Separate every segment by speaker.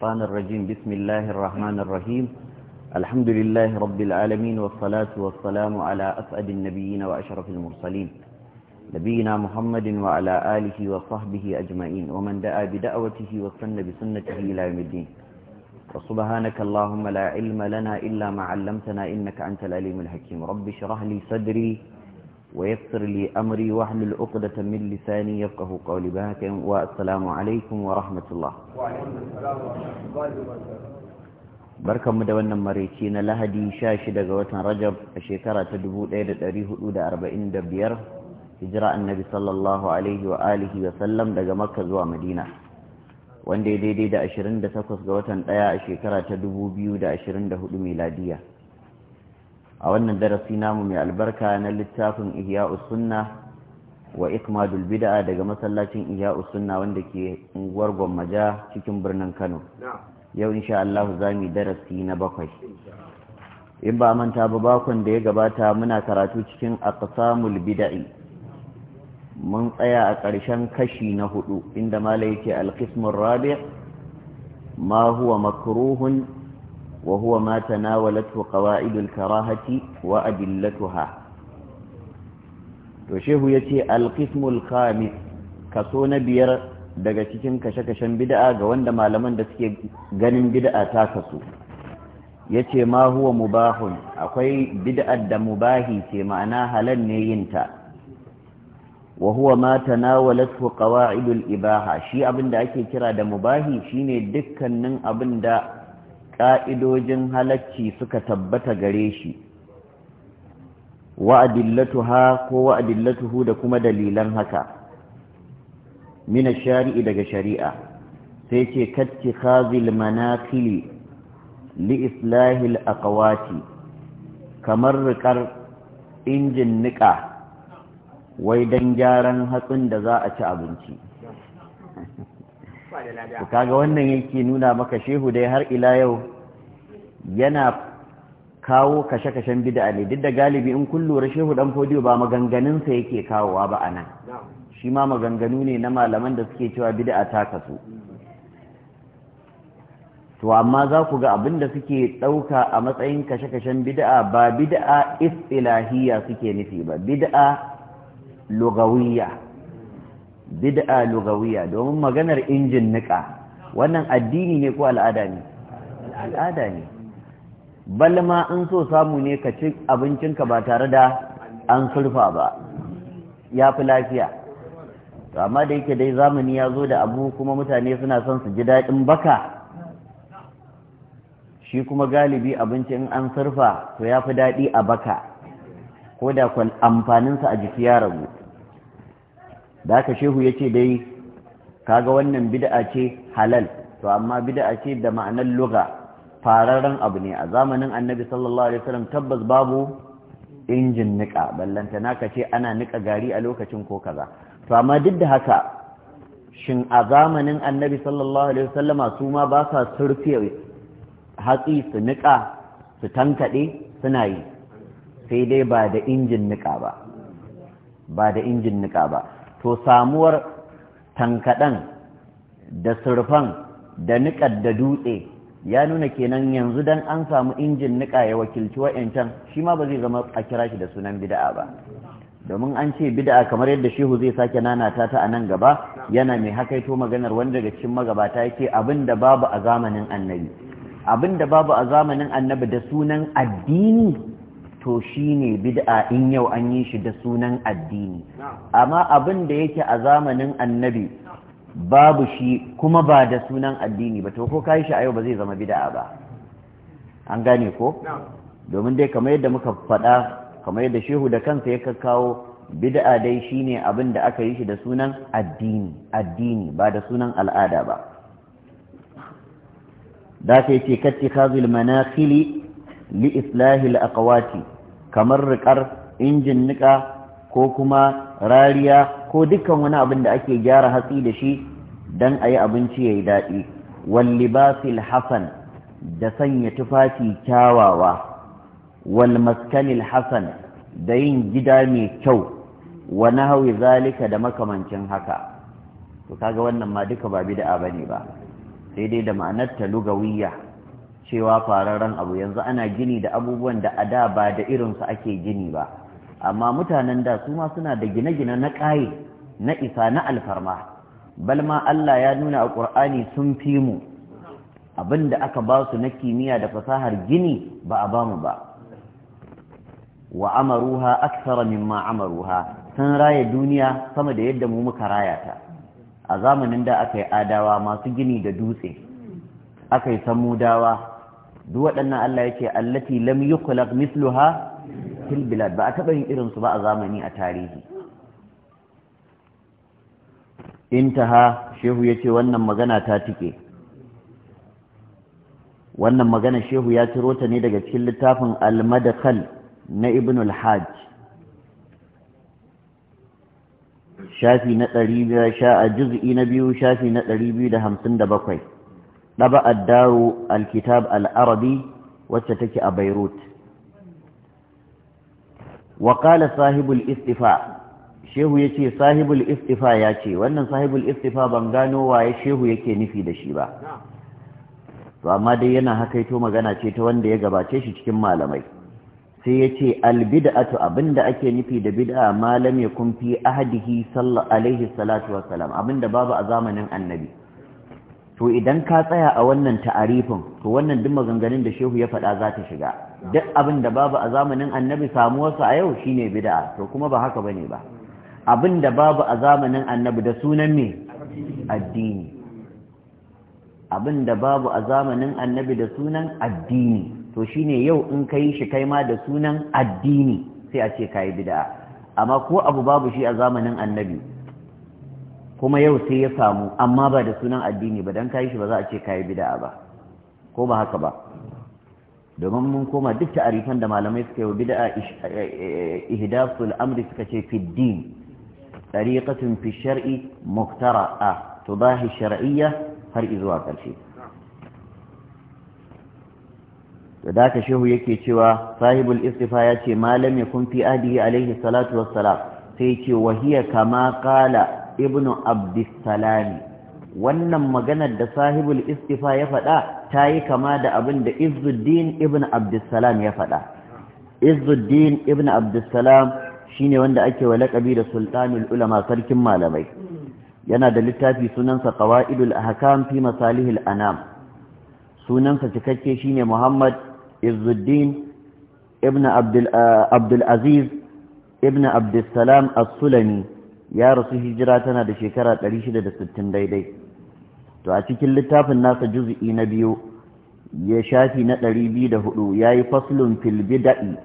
Speaker 1: الشيطان الرجيم بسم الله الرحمن الرحيم الحمد لله رب العالمين والصلاة والسلام على أسعد النبيين وأشرف المرسلين نبينا محمد وعلى آله وصحبه أجمعين ومن دعا بدعوته وسن بسنته إلى يوم الدين وسبحانك اللهم لا علم لنا إلا ما علمتنا إنك أنت العليم الحكيم رب اشرح لي صدري ويسر لي أمري واحلل عقدة من لساني يفقه قولي بهك والسلام عليكم ورحمة الله barkan mu da wannan maraice na lahadi 16 ga watan rajab a shekara ta 1445 hijira annabi sallallahu alaihi wa alihi wa sallam daga makka zuwa madina wanda ya daidai da 28 ga watan ɗaya a shekara ta 2024 miladiya a wannan darasi namu mai albarka na littafin ihya'u sunna wa ikmadul bid'a daga masallacin ihya'u sunna wanda ke unguwar gwammaja cikin birnin Kano yau insha Allah yi darasi na bakwai in ba manta ba bakon da ya gabata muna karatu cikin aqsamul bid'i mun tsaya a ƙarshen kashi na hudu inda mala yake alqismur rabi' ma huwa makruhun وهو ما تناولته قواعد الكراهة وأدلتها وشيخ يتي القسم الخامس na biyar daga cikin kashe-kashen bid'a ga wanda malaman da suke ganin bid'a ta kasu yace ma huwa mubahun akwai bid'ar da mubahi ce ma'ana halal ne yinta wa huwa ma tanawalathu ibaha shi abinda ake kira da mubahi shine dukkanin abinda ƙa'idojin halacci suka tabbata gare shi ha ko wa'adillatuhu da kuma dalilan haka mina shari'i daga shari'a sai ce katti khazil manakili li islahil aqwati kamar rikar injin niƙa wai don gyaran hatsin da za a ci abinci kaga wannan yake nuna maka shehu dai har ila yau yana kawo kashe-kashen bid'a ne duk da galibi in kun lura shehu dan fodiyo ba maganganunsa yake kawowa ba anan shi ma maganganu ne na malaman da suke cewa bid'a ta kasu to amma za ku ga abin da suke ɗauka a matsayin kashe-kashen bid'a ba bid'a istilahiyya suke nufi ba bid'a lugawiyya bid'a lugawiyya domin maganar injin niƙa wannan addini ne ko al'ada ne al'ada ne bal ma in so samu ne ka ci abincinka ba tare da an surfa ba ya fi lafiya to amma da yake dai zamani ya zo da abu kuma mutane suna son su ji daɗin baka shi kuma galibi abinci in an surfa to ya fi daɗi a baka ko da kwan amfaninsa a jiki ya ragu da haka shehu ya ce dai kaga wannan bida'a ce halal to amma bida'a ce da ma'anar lugha Fararen abu ne a zamanin annabi sallallahu alaihi wasallam tabbas babu injin nika ballanta naka ce ana nika gari a lokacin ko kaza to amma duk da haka shin a zamanin annabi sallallahu alaihi wasallama su ma ba sa surfe hatsi su nika su tankade suna yi sai dai ba da injin nika ba ba da injin nika ba to samuwar tankadan da surfan da nikar da dutse ya nuna kenan yanzu dan an samu injin nika ya wakilci wa'yancan shi ma ba zai zama a kira shi da sunan bida'a ba domin an ce bida'a kamar yadda shehu zai sake nanata ta a nan gaba yana mai hakaito maganar wanda daga cikin magabata yake abin da babu a zamanin annabi abin da babu a zamanin annabi da sunan addini to shi ne bid'a in yau an yi shi da sunan addini amma abin da yake a zamanin annabi babu shi kuma ba da sunan addini ba to ko kai shi a yau ba zai zama bid'a ba an gane ko domin dai kamar yadda muka faɗa kamar yadda shehu da kansa ya kawo bid'a dai shine abin da aka yi shi da sunan addini addini ba da sunan al'ada ba da ka yi katti khazil manakili li islahi al aqwati kamar riƙar injin nika ko kuma rariya ko dukkan wani abin da ake gyara hatsi da shi don a yi abinci ya yi daɗi wallibasil hasan da sanya tufafi kyawawa walmaskanil hasan da yin gida mai kyau wa nahawi zalika da makamancin haka to kaga wannan ma duka ba bid'a bane ba sai dai da ma'anar ta lugawiyya cewa fararen abu yanzu ana gini da abubuwan da a da ba da irinsu ake gini ba amma mutanen da su ma suna da gine-gine na ƙaye na isa na alfarma balma Allah ya nuna a ƙur'ani sun fi mu abinda aka ba su na kimiyya da fasahar gini ba a ba mu ba wa amaruha aksara mimma amaruha sun raya duniya sama da yadda mu muka raya ta a zamanin da aka yi adawa masu gini da dutse aka yi dawa. duk waɗannan Allah ya ce allati lam yukhlaq misluha fil bilad ba a taɓa yin irinsu ba a zamani a tarihi intaha shehu ya ce wannan magana ta tike wannan magana shehu ya ciro ta ne daga cikin littafin al-madkhal na ibn al-hajj shafi na ɗari biyar sha a juz'i na biyu shafi na ɗari biyu da hamsin da bakwai ɗaba addaru alkitab al'arabi wacce take a beirut Wakalar qala sahibul istifa shehu yace sahibul istifa ce, wannan sahibul istifa ban gano waye shehu yake nufi da shi ba to amma dai yana hakaito magana ce ta wanda ya gabace shi cikin malamai sai yace al bid'atu abinda ake nufi da bid'a malam yakun fi ahadihi sallallahu alaihi salatu wassalam abinda babu a zamanin annabi to idan ka tsaya a wannan ta'arifin to wannan duk maganganun da shehu ya faɗa za ta shiga duk abin da babu a zamanin annabi samuwarsa a yau shine bid'a to kuma ba haka bane ba abin da babu a zamanin annabi da sunan me addini abin da babu a zamanin annabi da sunan addini to shine yau in kai shi kai ma da sunan addini sai a ce kai bida'a amma ko abu babu shi a zamanin annabi kuma yau sai ya samu amma ba da sunan addini ba dan kai shi ba za a ce kai bida'a ba ko ba haka ba domin mun koma duk ta'arifan da malamai suka yi bid'a eh, eh, eh, ihdathul amri suka ce fi din tariqatun fi shar'i muftara'a tubahi shar'iyya har izuwa karshe da daka shehu yake cewa sahibul istifa ya ce malam ya kun fi adihi alaihi salatu wassalam sai ce wahiya kama kala ibnu abdissalami wannan maganar da sahibul istifa ya faɗa ta yi kama da abin da izuddin ibn abdussalam ya faɗa izuddin ibn abdussalam shine wanda ake wa laƙabi da sultanul ulama sarkin malamai yana da littafi sunansa qawaidul ahkam fi masalihil anam sunansa cikakke shine muhammad izuddin ibn Abdulaziz uh, ibn abdussalam as-sulami ya rasu hijira tana da shekara 660 daidai to a cikin littafin nasa juz'i na biyu ya shafi na ɗari biyu da hudu ya yi faslun fil daɗi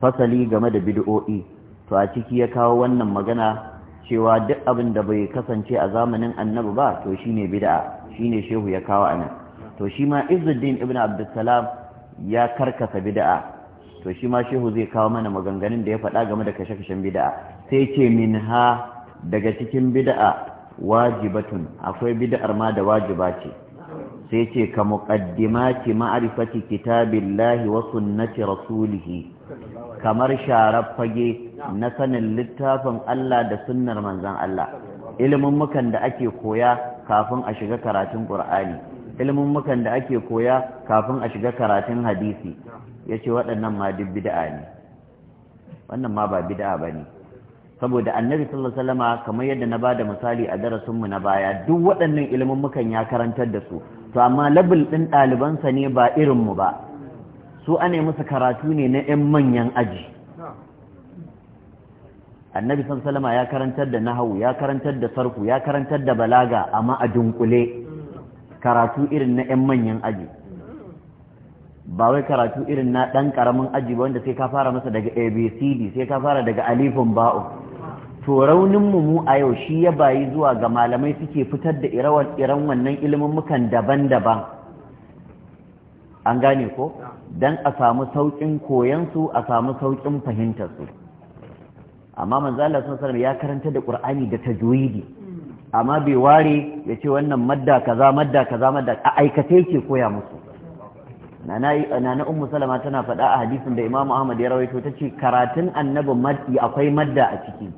Speaker 1: fasali game da bid'o'i to a ciki ya kawo wannan magana cewa duk abin da bai kasance a zamanin annabi ba to shine bid'a shine shehu ya kawo anan to shi ma izzuddin ibn abdussalam ya karkasa bid'a to shi ma shehu zai kawo mana maganganun da ya faɗa game da kashe-kashen bid'a sai ce min ha daga cikin bid'a wajibatun akwai bid'ar ma da wajiba ce sai ce ka muqaddimati ma'rifati kitabillahi wa sunnati rasulih kamar sharar fage na sanin littafin Allah da sunnar manzon Allah ilimin mukan da ake koya kafin a shiga karatun Qur'ani ilimin mukan da ake koya kafin a shiga karatun hadisi yace waɗannan ma duk bid'a ne wannan ma ba bid'a bane saboda annabi sallallahu alaihi wasallama kamar yadda na bada misali a darasin mu na baya duk waɗannan ilimin mukan ya karantar da su to amma labul din ɗalibansa ne ba irin mu ba su ane musu karatu ne na ɗan manyan aji annabi sallallahu alaihi wasallama ya karantar da nahawu ya karantar da sarku ya karantar da balaga amma a dunkule karatu irin na ɗan manyan aji ba wai karatu irin na ɗan ƙaramin aji ba wanda sai ka fara masa daga abcd sai ka fara daga alifin ba'o to raunin mu mu a yau shi ya bayi zuwa ga malamai suke fitar da iran wannan mukan daban-daban an gane ko don a samu sauƙin su, a samu sauƙin su. amma manzala sun ya karanta da ƙur'ani da tajwidi amma bai ware ya ce wannan madda kaza madda kaza madda a aikace ke koya musu nana ummu salama tana faɗa a hadisin da imamu ahmad ya rawaito tace karatun annabi akwai madda a ciki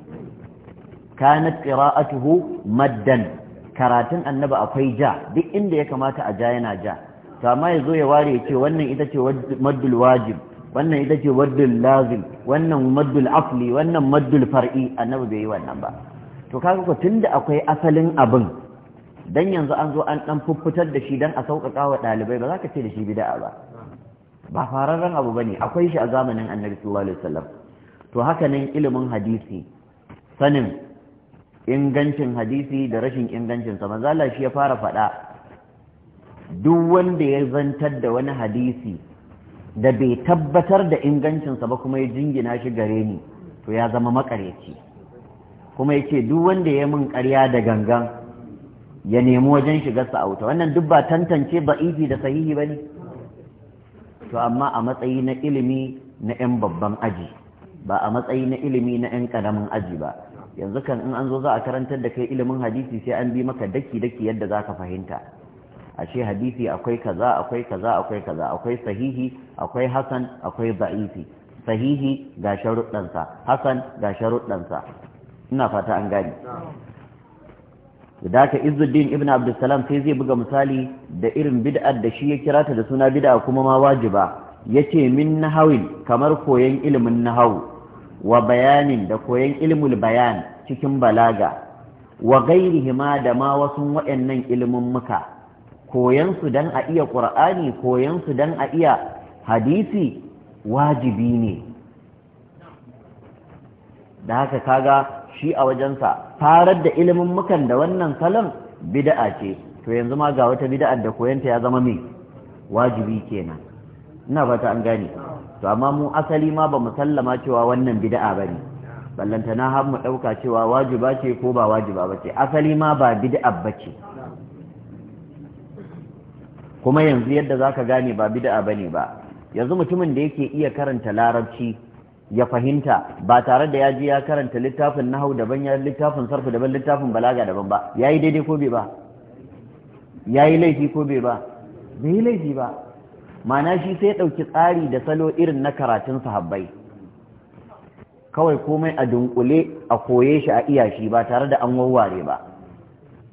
Speaker 1: kanat qira'atuhu maddan karatun annabi akwai ja duk inda ya kamata a ja yana ja to amma yazo ya ware ya ce wannan ita ce maddul wajib wannan ita ce maddul lazim wannan maddul afli wannan maddul far'i annabi bai yi wannan ba to kaga ko tunda akwai asalin abin dan yanzu an zo an dan fuffutar da shi dan a sauƙaƙa wa ɗalibai ba za ka ce da shi bid'a ba ba fararren abu bane akwai shi a zamanin annabi sallallahu alaihi wasallam to haka nan ilimin hadisi sanin ingancin hadisi da rashin ingancinsa manzala shi ya fara faɗa duk wanda ya zantar da wani hadisi da bai tabbatar da ingancinsa ba kuma ya jingina shi gare ni to ya zama makaryaci kuma ya ce duk wanda ya min ƙarya da gangan ya nemi wajen shiga sa'auta, wannan duk ba tantance ba ifi da sahihi ba ne to amma a matsayi na ilimi na 'yan babban aji ba a matsayi na ilimi na 'yan ƙaramin aji ba yanzu kan in an zo za a karantar da kai ilimin hadisi sai an bi maka daki-daki yadda za ka fahimta ashe hadisi akwai kaza akwai kaza akwai kaza akwai sahihi akwai hasan akwai ba'isi sahihi ga sharuɗansa hasan ga sharuɗansa ina fata an gani da ka izuddin ibn abdulsalam sai zai buga misali da irin bida da shi ya kira ta da suna bid'a kuma ma wajiba yace min nahawil kamar koyan ilimin nahawu wa bayanin da koyan ilmul bayan cikin balaga wa ma da ma wasu waɗannan ilimin muka koyan su dan a iya ƙur'ani koyan su dan a iya hadisi wajibi ne da haka kaga shi a wajensa farar da ilimin mukan da wannan salon bid'a ce to yanzu ma ga wata bida'ar da koyanta ya zama mai wajibi kenan ina fata an gane to amma mu asali ma ba mu sallama cewa wannan bid'a bane ballanta na har mu dauka cewa wajiba ce ko ba wajiba bace asali ma ba bid'a bace kuma yanzu yadda zaka gane ba bid'a bane ba yanzu mutumin da yake iya karanta larabci ya fahimta ba tare da ya ji ya karanta littafin nahau daban ya littafin sarfu daban littafin balaga daban ba yayi daidai ko bai ba yayi laifi ko bai ba bai laifi ba Mana shi sai ɗauki tsari da salo irin na karatun sahabbai kawai komai a dunkule a koye shi a iya ba tare da an warware ba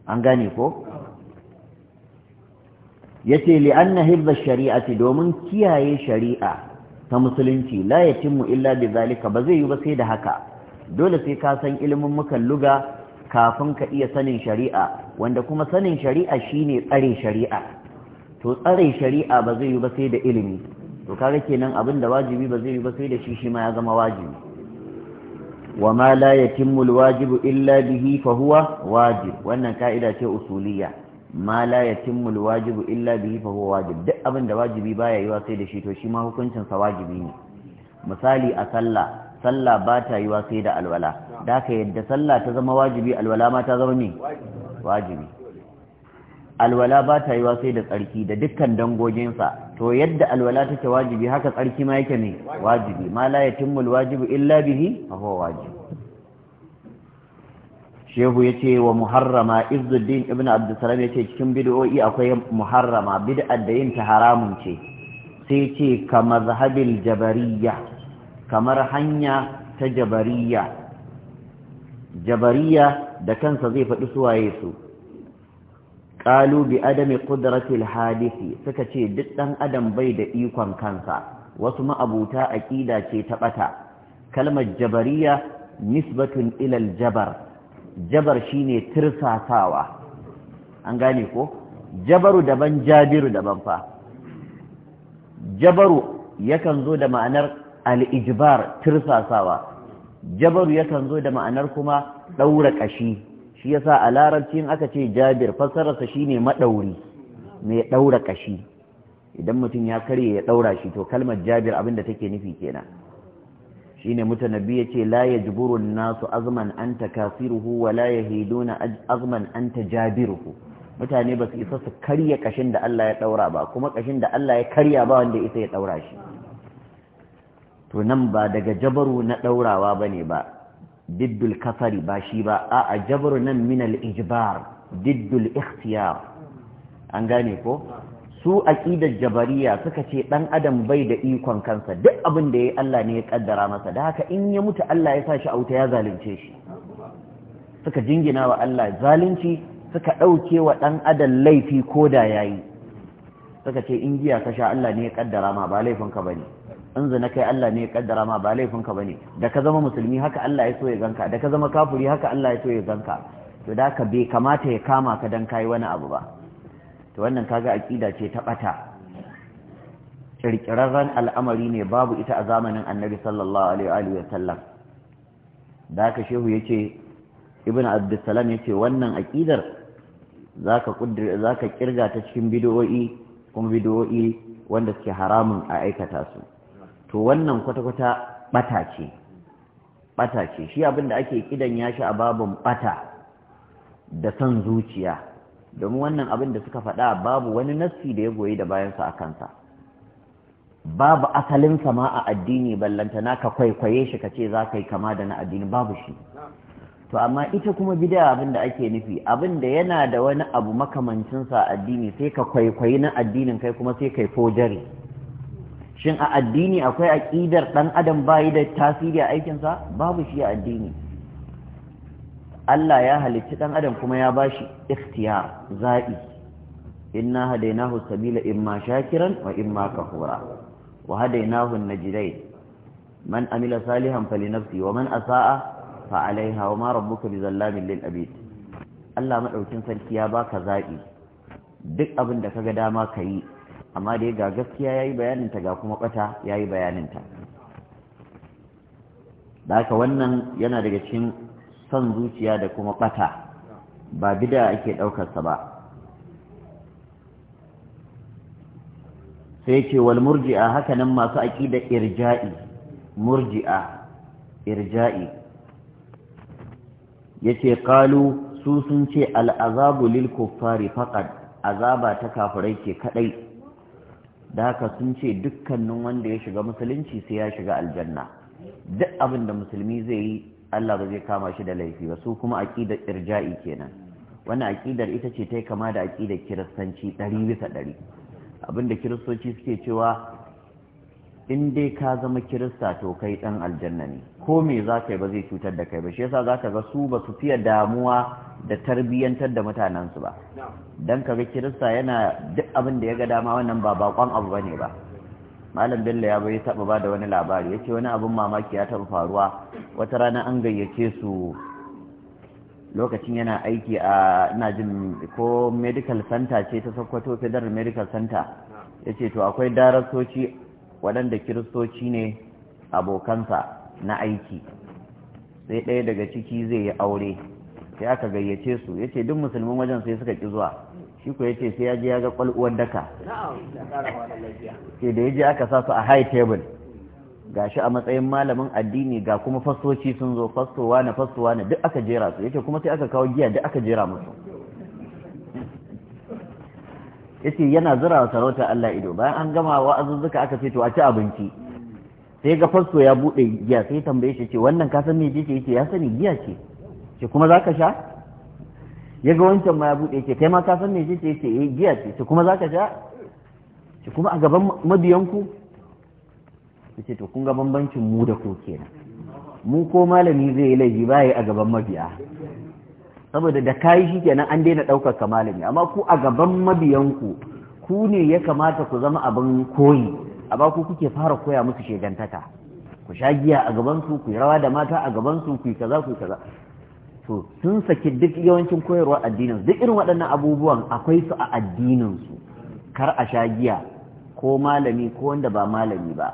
Speaker 1: an gane ko Ya ce yace na hibba shari'ati domin kiyaye shari'a ta musulunci la mu illa da zalika ba zai yi ba sai da haka dole sai ka san ilimin muka luga kafin ka iya sanin shari'a wanda kuma sanin shari'a shine tsare shari'a to tsare shari'a ba zai yi ba sai da ilimi to kaga kenan abin da wajibi ba zai yi ba sai da shi shi ma ya zama wajibi wa ma la yatimmu alwajibu illa bihi fa huwa wajib wannan ka'ida ce usuliyya ma la yatimmu alwajibu illa bihi fa huwa wajib duk abin da wajibi baya yiwa sai da shi to shi ma hukuncin sa wajibi ne misali a sallah sallah ba ta yiwa sai da alwala da ka yadda sallah ta zama wajibi alwala ma ta zama ne wajibi alwala ba ta yi sai da tsarki da dukkan dangoginsa to yadda alwala take wajibi haka tsarki ma yake ne wajibi ma la yatimmu wajibu illa bihi fa huwa wajib shehu yace wa muharrama izzuddin ibnu abdussalam yace cikin bid'o'i akwai muharrama bid'ar da yin ta haramun ce sai yace ka mazhabil jabariyya kamar hanya ta Jabariya. jabariyya da kansa zai faɗi suwaye su qalu bi adami qudratil hadisi suka ce duk ɗan adam bai da ikon kansa wasu ma'abuta aƙida ce ta ɓata. kalmar jabariya nisbatun ilal jabar jabar ne tirsasawa. an gane ko jabaru daban jabiru daban fa jabaru yakan zo da ma'anar al'ijbar tirsasawa jabaru yakan zo da ma'anar kuma ɗaura ƙashi shi yasa a larabci aka ce jabir fassararsa shine madauri mai daura kashi idan mutum ya karye ya daura shi to kalmar jabir abinda take nufi kenan shine mutanabbi yace la yajburu an-nasu azman an takasiruhu wa la yahiduna azman an tajabiruhu mutane ba su isa su karya kashin da Allah ya daura ba kuma kashin da Allah ya karya ba wanda isa ya daura shi to nan ba daga jabaru na daurawa bane ba diddul kasari ba shi ba a a jabru nan minal ijbar diddul ikhtiyar an gane ko su aqidar jabariya suka ce dan adam bai da ikon kansa duk abin da yayi Allah ne ya kaddara masa da haka in ya mutu Allah ya sa shi auta ya zalunce shi suka jingina wa Allah zalunci suka dauke wa dan adam laifi koda yayi suka ce in giya ka sha Allah ne ya kaddara ma ba ka bane in zina kai Allah ne ya kaddara ma ba laifinka ba ne da ka zama musulmi haka Allah ya so ya ganka da ka zama kafiri haka Allah ya so ya ganka to da ka bai kamata ya kama ka dan kai wani abu ba to wannan kaga aqida ce ta bata kirkirarren al'amari ne babu ita a zamanin annabi sallallahu alaihi wa sallam da ka shehu yace ibn abdussalam yace wannan aqidar zaka kudir zaka kirga ta cikin bid'o'i kuma bid'o'i wanda suke haramun a aikata su to wannan kwata-kwata bata ce bata ce shi abinda ake kidan ya shi a babin bata da son zuciya domin wannan abin da suka faɗa babu wani nassi da ya goyi da bayansa a kansa babu asalinsa ma a addini ballantana ka kwaikwaye shi ka ce za ka yi kama da na addini babu shi to amma ita kuma bida abin da ake nufi abin da yana da wani abu makamancinsa a addini sai ka kwaikwayi na addinin kai kuma sai kai fojari shin a addini akwai aƙidar ɗan adam bayi da tasiri a aikinsa babu shi a addini Allah ya halicci ɗan adam kuma ya bashi ikhtiyar zaɓi inna hadainahu sabila imma shakiran wa imma kafura wa hadainahu najdain man amila salihan falinafsi wa man asaa fa alaiha wa ma rabbuka bizallamin lil abid Allah madaukin sarki ya baka zaɓi duk abin da kaga dama ka yi amma dai ga gaskiya ya yi bayaninta ga kuma ɓata ya yi bayaninta da haka wannan yana daga cikin son zuciya da kuma ɓata ba bida ake ɗaukarsa ba sai ce wal murji'a nan masu aƙidar irja'i murji'a irja'i yace qalu su sun ce al'azabu lil kuffari faqad azaba ta kafirai ke kaɗai. da haka sun ce dukkanin wanda ya shiga musulunci sai ya shiga aljanna duk abin da musulmi zai yi Allah ba zai kama shi da laifi ba su kuma aqidar irja'i kenan wannan aqidar ita ce ta kama da aqidar kiristanci ɗari bisa ɗari abinda kiristoci suke cewa in dai ka zama kirista to kai dan aljanna ne ko me za ka yi ba zai cutar da kai ba shi yasa za ka ga su ba su fiye damuwa da tarbiyyantar da mutanensu ba don ka ga kirista yana duk abin da ya ga dama wannan ba bakon abu ba ne ba malam bello ya bai taba ba da wani labari yace wani abin mamaki ya taba faruwa wata rana an gayyace su lokacin yana aiki a ina jin ko medical center ce ta sokoto federal medical center yace to akwai darasoci waɗanda kiristoci ne abokansa na aiki sai ɗaya daga ciki zai yi aure sai aka gayyace su ya ce duk musulmin wajen sai suka ƙi zuwa shi ko ya ce sai ya ji ya ga ƙwal'uwar daka sai da ya ji aka sa su a high table ga shi a matsayin malamin addini ga kuma fastoci sun zo fastowa na fastowa na duk aka jera su ya ce kuma sai aka kawo giya duk aka jera musu yace yana zira wa sarauta Allah ido bayan an gama wa'azuzzuka aka ce to a ci abinci sai ga fasto ya bude giya sai tambaye shi ce wannan ka san me ce yace ya sani giya ce ce kuma zaka sha ya ga wancan ma ya bude yace kai ma ka san me ce yace eh giya ce ce kuma zaka sha ce kuma a gaban mabiyanku yace to kun ga bambancin mu da ku kenan mu ko malami zai yi laifi bai a gaban mabiya saboda da kayi shi kenan an daina ɗaukar ka malami amma ku a gaban mabiyanku ku ne ya kamata ku zama abin koyi amma ku kuke fara koya musu shegantaka ku sha giya a gaban su ku yi rawa da mata a gaban su ku yi kaza ku yi kaza to sun saki duk yawancin koyarwa addinin duk irin waɗannan abubuwan akwai su a addinin su kar a sha giya ko malami ko wanda ba malami ba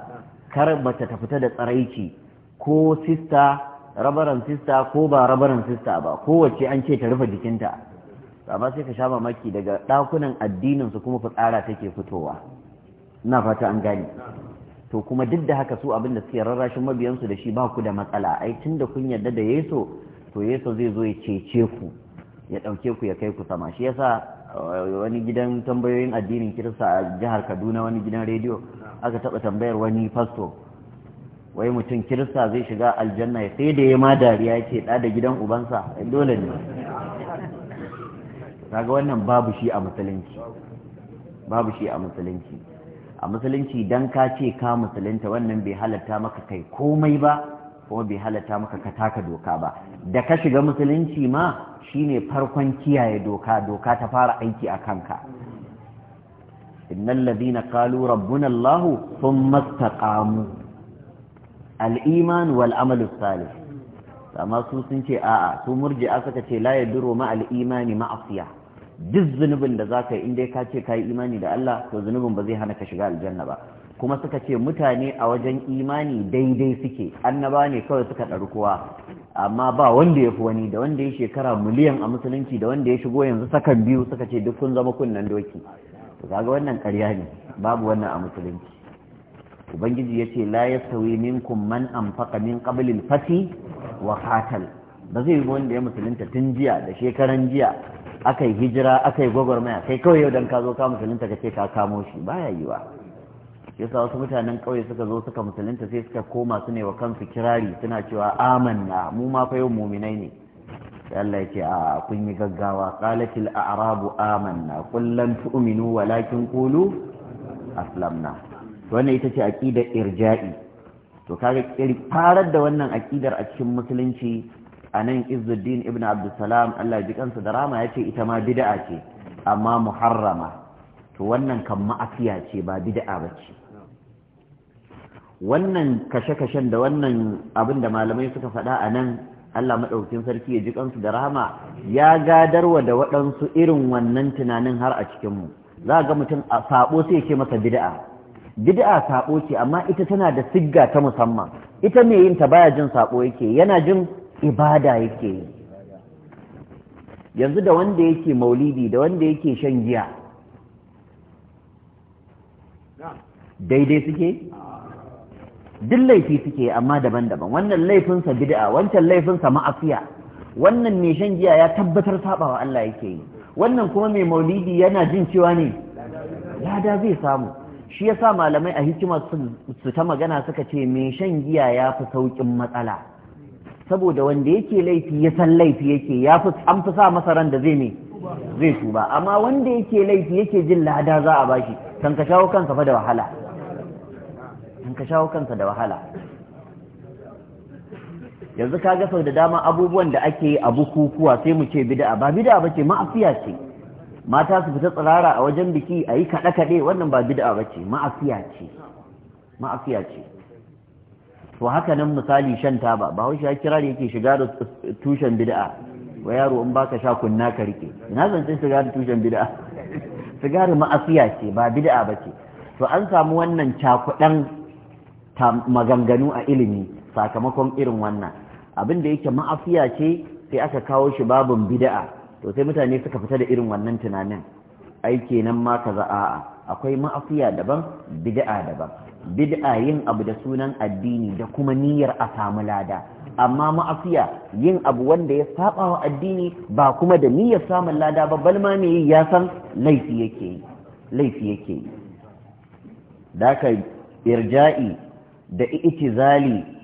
Speaker 1: kar bata ta fita da tsaraici ko sista rabaran sista ko ba rabaran sista ba kowace an ce ta rufe jikinta ba sai ka sha mamaki daga ɗakunan addinin su kuma fitsara take fitowa ina fata an gani to kuma duk da haka su abin da suke rarrashin mabiyansu da shi ba ku da matsala ai tun da kun yarda da yeso to yeso zai zo ya cece ku ya ɗauke ku ya kai ku sama shi yasa eh, wani gidan tambayoyin addinin kirista a jihar kaduna wani gidan rediyo aka taɓa tambayar wani fasto wai mutum kirista zai shiga aljanna ya sai da ya ma dariya ya ce da da gidan ubansa dole ne kaga wannan babu shi a musulunci babu shi a musulunci a musulunci dan ka ce ka musulunta wannan bai halatta maka kai komai ba kuma bai halatta maka ka taka doka ba da ka shiga musulunci ma shine farkon kiyaye doka doka ta fara aiki a kanka innal ladina qalu rabbuna allah thumma istaqamu al'iman wal amalu salih amma su sun ce a'a su a suka ce la duroma ma al'imani ma'afiya, duk zunubin da za ka yi inda ka kace ka yi imani da Allah to zunubin ba zai hana ka shiga aljanna ba kuma suka ce mutane a wajen imani daidai suke annaba ne kawai suka ɗaru kowa amma ba wanda ya fi wani da wanda ya shekara miliyan a musulunci da wanda ya shigo yanzu sakan biyu suka ce duk kun zama kunnen doki to kaga wannan ƙarya ne babu wannan a musulunci ubangiji ya ce la yasawi minkum man anfaqa min qabli fati wa qatal ba zai yi wanda ya musulunta tun jiya da shekaran jiya aka yi hijira aka yi gwagwarmaya kai kawai yau dan ka zo ka musulunta ka ce ka kamo shi baya yi wa yasa wasu mutanen kauye suka zo suka musulunta sai suka koma su ne wa kansu kirari suna cewa amanna mu ma fa yau muminai ne sai Allah ya ce a kun yi gaggawa qalatil a'rabu amanna qul lam tu'minu walakin qulu aslamna wannan ita ce aqidar irja'i to kaga farar da wannan aqidar a cikin musulunci a nan izzuddin ibn Abdusalam, Allah ya ji kansa da rama ya ce ita ma bid'a ce amma muharrama to wannan kan ma'afiya ce ba bid'a ba ce wannan kashe-kashen da wannan abin da malamai suka faɗa a nan Allah maɗaukin sarki ya ji kansu da rahama ya gadarwa da waɗansu irin wannan tunanin har a cikinmu za ga mutum a saɓo sai ke masa bida'a. bid'a sabo ce amma ita tana da sigga ta musamman ita mai yin ta baya jin sabo yake yana jin ibada yake yanzu da wanda yake maulidi da wanda yake shan giya daidai suke duk laifi suke amma daban-daban wannan laifinsa bid'a wancan laifinsa ma'afiya wannan mai shan giya ya tabbatar sabawa Allah yake yi wannan kuma mai maulidi yana jin cewa ne lada zai samu shi yasa malamai a hikimar su ta magana suka ce mai shan giya ya fi sauƙin matsala saboda wanda yake laifi ya san laifi yake ya fi an fi sa masa ran da zai ne zai tuba amma wanda yake laifi yake jin lada za a bashi kan ka shawo kansa fa da wahala kan ka shawo kansa da wahala yanzu ka sau da dama abubuwan da ake yi a bukukuwa sai mu ce bid'a ba bid'a ba ce ma'afiya ce mata su fita tsirara a wajen biki a yi kaɗe-kaɗe wannan ba bid'a ba ce ma'afiya ce ma'afiya ce to haka nan misali shan taba ba haushi ya kira da yake shiga da tushen bid'a wa yaro in baka sha kunna ka rike ina zancen shiga da tushen bid'a sigari ma'afiya ce ba bid'a ba ce to an samu wannan cakuɗan maganganu a ilimi sakamakon irin wannan abin da yake ma'afiya ce sai aka kawo shi babin bid'a to sai mutane suka fita da irin wannan tunanin aiki nan ma za a akwai ma'afiya daban bid'a daban bid'a yin abu da sunan addini da kuma niyyar a samu lada amma ma'afiya yin abu wanda ya saba wa addini ba kuma da niyyar samun lada ba bal ma yi ya san laifi yake yi laifi yake yi da irja'i da i'tizali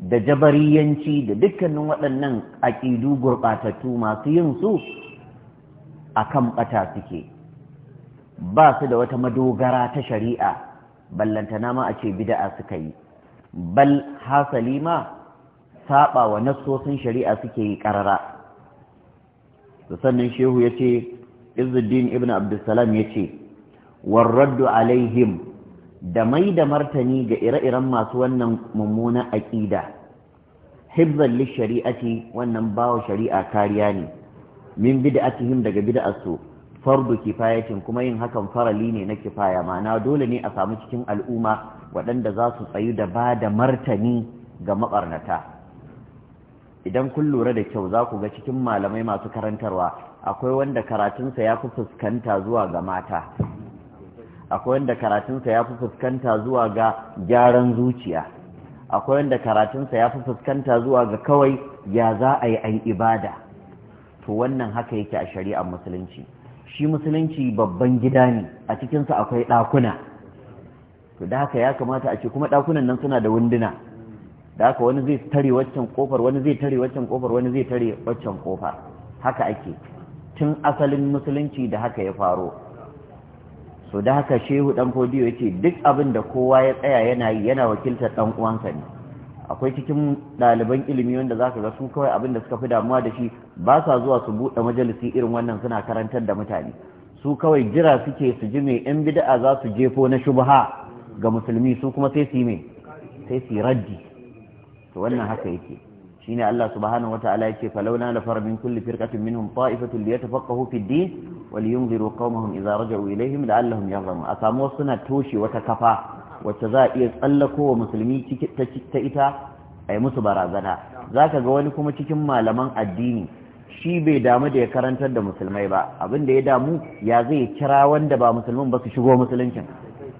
Speaker 1: da jabariyanci da dukkanin waɗannan aƙidu gurɓatattu masu yin su a kan ɓata suke ba su da wata madogara ta shari'a ballantana ma a ce bida'a suka yi bal hasali ma saɓa wa nassosin shari'a suke yi ƙarara sannan shehu ya ce izuddin ibn abdulsalam ya ce warraddu alaihim da mai da martani ga ire-iren masu wannan mummunan aƙida hibzan shari'ati wannan bawa shari'a kariya ne min bid'atihim daga bid'arsu fardu kifayacin kuma yin hakan farali ne na kifaya ma'ana dole ne a samu cikin al'umma waɗanda za su tsayu da ba da martani ga maɓarnata idan kun lura da kyau za ku ga cikin malamai masu karantarwa akwai wanda karatunsa ya fi fuskanta zuwa ga mata akwai wanda karatunsa ya fi fuskanta zuwa ga gyaran zuciya akwai wanda karatunsa ya fi fuskanta zuwa ga kawai ya za a yi a ibada to wannan haka yake a shari'ar musulunci shi musulunci babban gida ne a cikinsa akwai ɗakuna to da haka ya kamata a ce kuma ɗakunan nan suna da wunduna da haka wani zai tare waccan kofar wani zai tare waccan kofar wani zai tare waccan kofar haka ake tun asalin musulunci da haka ya faro so da haka shehu dan fodiyo yace duk abin da kowa ya tsaya yana yi yana wakiltar dan uwansa ne akwai cikin daliban ilimi wanda zaka ga su kawai abin da suka fi damuwa da shi ba sa zuwa su buɗe majalisi irin wannan suna karantar da mutane su kawai jira suke su ji mai yan bid'a za su jefo na shubha ga musulmi su kuma sai su yi me sai su raddi to wannan haka yake shine Allah subhanahu wata'ala yake falawla la far min kulli firqatin minhum ta'ifatun liyatafaqahu fid din wa liyunziru qaumahum idza raja'u ilayhim la'allahum yarhamun a samu suna toshe wata kafa wacce za a iya tsallako wa musulmi ta ita a yi musu barazana zaka ga wani kuma cikin malaman addini shi bai damu da ya karantar da musulmai ba abin da ya damu ya zai kira wanda ba musulmin ba su shigo musuluncin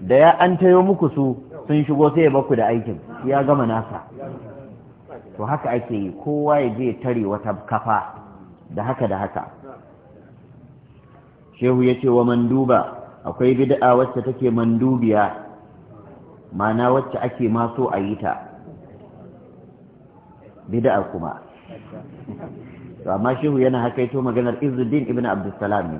Speaker 1: da ya an tayo muku su sun shigo sai ya baku da aikin ya gama nasa to haka ake yi kowa ya je tare wata kafa da haka da haka shehu ya ce wa manduba akwai bid'a wacce take mandubiya mana wacce ake maso a yi ta bid'a kuma to amma shehu yana hakaito maganar izuddin ibn Abdussalam ne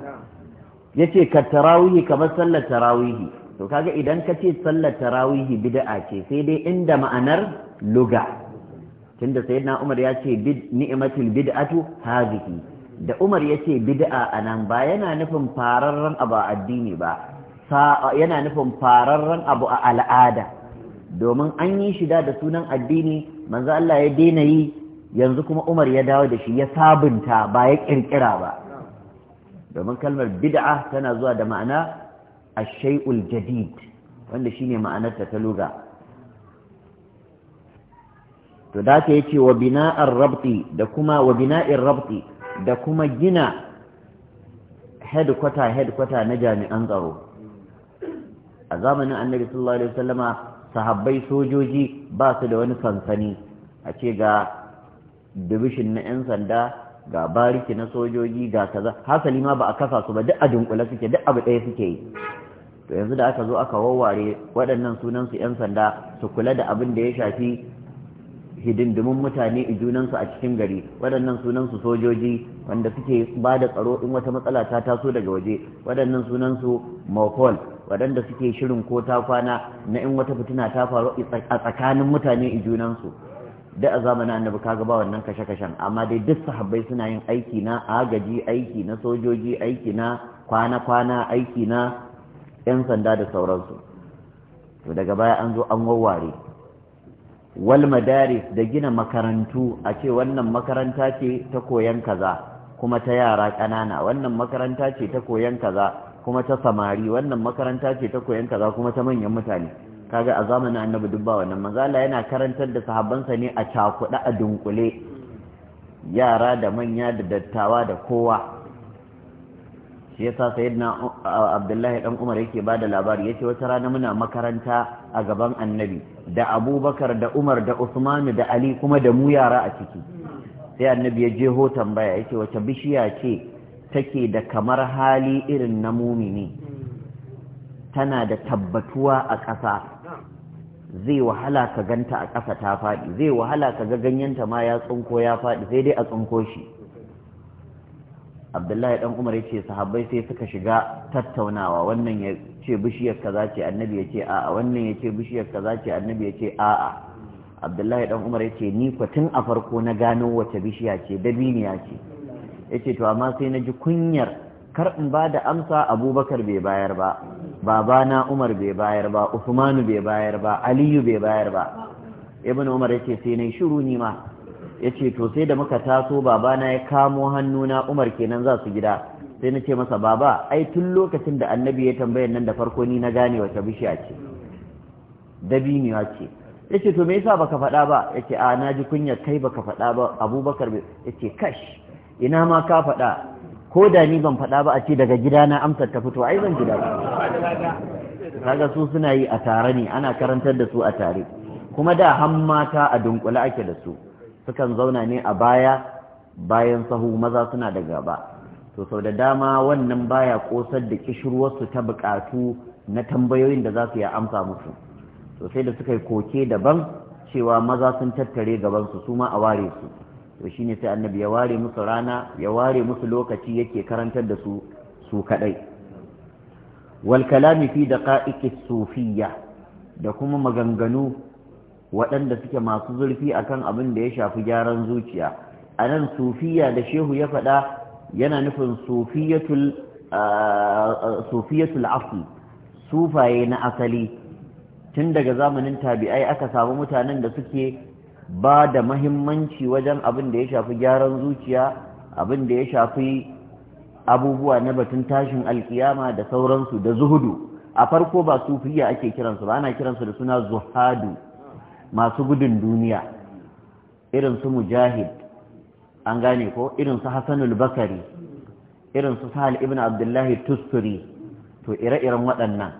Speaker 1: yace ka tarawihi kamar sallar tarawihi to kaga idan ka ce sallar tarawihi bid'a ce sai dai inda ma'anar luga tunda sayyidina Umar ya ce ni'imatul ni'matul bid'atu hazihi da Umar ya ce bid'a anan ba yana nufin fararren abu a addini ba yana nufin fararren abu a al'ada domin an yi shida da sunan addini manzo Allah ya daina yi yanzu kuma Umar ya dawo da shi ya sabunta ba ya kirkira ba domin kalmar bid'a tana zuwa da ma'ana ash-shay'ul jadid wanda shine ma'anarta ta luga to da ta yake wa bina'ar rabti da kuma wa bina'ir rabti da kuma gina headquarter headquarter na jami'an tsaro a zamanin annabi sallallahu alaihi wasallama sahabbai sojoji ba su da wani sansani a ce ga division na 'yan sanda ga bariki na sojoji ga kaza hasali ma ba a kasa su ba duk a dunkule suke duk abu ɗaya suke yi to yanzu da aka zo aka wawware waɗannan sunan su 'yan sanda su kula da abin da ya shafi hidindimin mutane junansu a cikin gari waɗannan sunansu sojoji wanda suke ba da tsaro in wata matsala ta taso daga waje waɗannan sunansu mokol waɗanda suke shirin ko ta kwana na in wata fitina ta faru a tsakanin mutane junansu da a zamanin annabi kaga ba wannan kashe-kashen amma dai duk sahabbai suna yin aiki na agaji aiki na sojoji aiki na kwana-kwana aiki na 'yan sanda da sauransu to daga baya an zo an warware wal madaris da gina makarantu a ce wannan makaranta ce ta koyan kaza kuma ta yara ƙanana wannan makaranta ce ta koyan kaza kuma ta samari wannan makaranta ce ta koyan kaza kuma ta manyan mutane kaga a zamanin annabi duk ba wannan manzo yana karantar da sahabbansa ne a cakuɗa a dunkule yara da manya da dattawa da kowa shi yasa sayyidina abdullahi dan umar yake bada labari yace wata rana muna makaranta a gaban annabi da abubakar da umar da Usmanu, da ali kuma da mu yara a ciki sai annabi ya je ho tambaya yace wata bishiya ce take da kamar hali irin na mumini tana da tabbatuwa a ƙasa zai wahala ka ganta a ƙasa ta faɗi zai wahala ka ga ganyenta ma ya tsunko ya faɗi sai dai a tsunko shi abdullahi dan umar ya ce sahabbai sai suka shiga tattaunawa wannan ya ce bishiyar kaza ce annabi ya ce a'a wannan ya ce bishiyar kaza ce annabi ya ce a'a abdullahi dan umar ya ce ni kwa tun a farko na gano wace bishiya ce dabiniya ce ya ce to amma sai na ji kunyar kar in ba da amsa abubakar bai bayar ba babana umar bai bayar ba usmanu bai bayar ba aliyu bai bayar ba ibn umar yace sai nayi shiru ni ma ya ce to sai da muka taso babana ya kamo hannuna umar kenan za su gida sai na ce masa baba ai tun lokacin da annabi ya tambayar nan da farko ni na gane wace bishiya ce dabiniya ce ya ce to me yasa baka faɗa ba ya ce a na ji kunya kai baka faɗa ba abubakar ya ce kash ina ma ka faɗa ko da ni ban faɗa ba a ce daga gida na amsar ta fito ai zan gida kaga su suna yi a tare ne ana karantar da su a tare kuma da han mata a dunkule ake da su sukan zauna ne a baya bayan sahu maza suna da gaba to sau da dama wannan baya kosar da kishirwarsu ta bukatu na tambayoyin da za su ya amsa musu to sai da suka yi koke daban cewa maza sun tattare gabansu su ma a ware su to shine sai annabi ya ware musu rana ya ware musu lokaci yake karantar da su su kadai wal kalami fi daqa'iqis sufiyya da kuma maganganu waɗanda suke masu zurfi akan abin da ya shafi gyaran zuciya a nan sufiya da shehu ya faɗa yana nufin sufiyatul asli sufaye na asali tun daga zamanin tabi'ai aka samu mutanen da suke ba da mahimmanci wajen abin da ya shafi gyaran zuciya abin da ya shafi abubuwa na batun tashin alkiyama da sauransu da zuhudu a farko ba sufiya ake kiransu ba ana kiransu da suna zuhadu masu gudun duniya irin su mujahid an gane ko irin su hasanul bakari irin su sahal ibn abdullahi tusturi to ire-iren waɗannan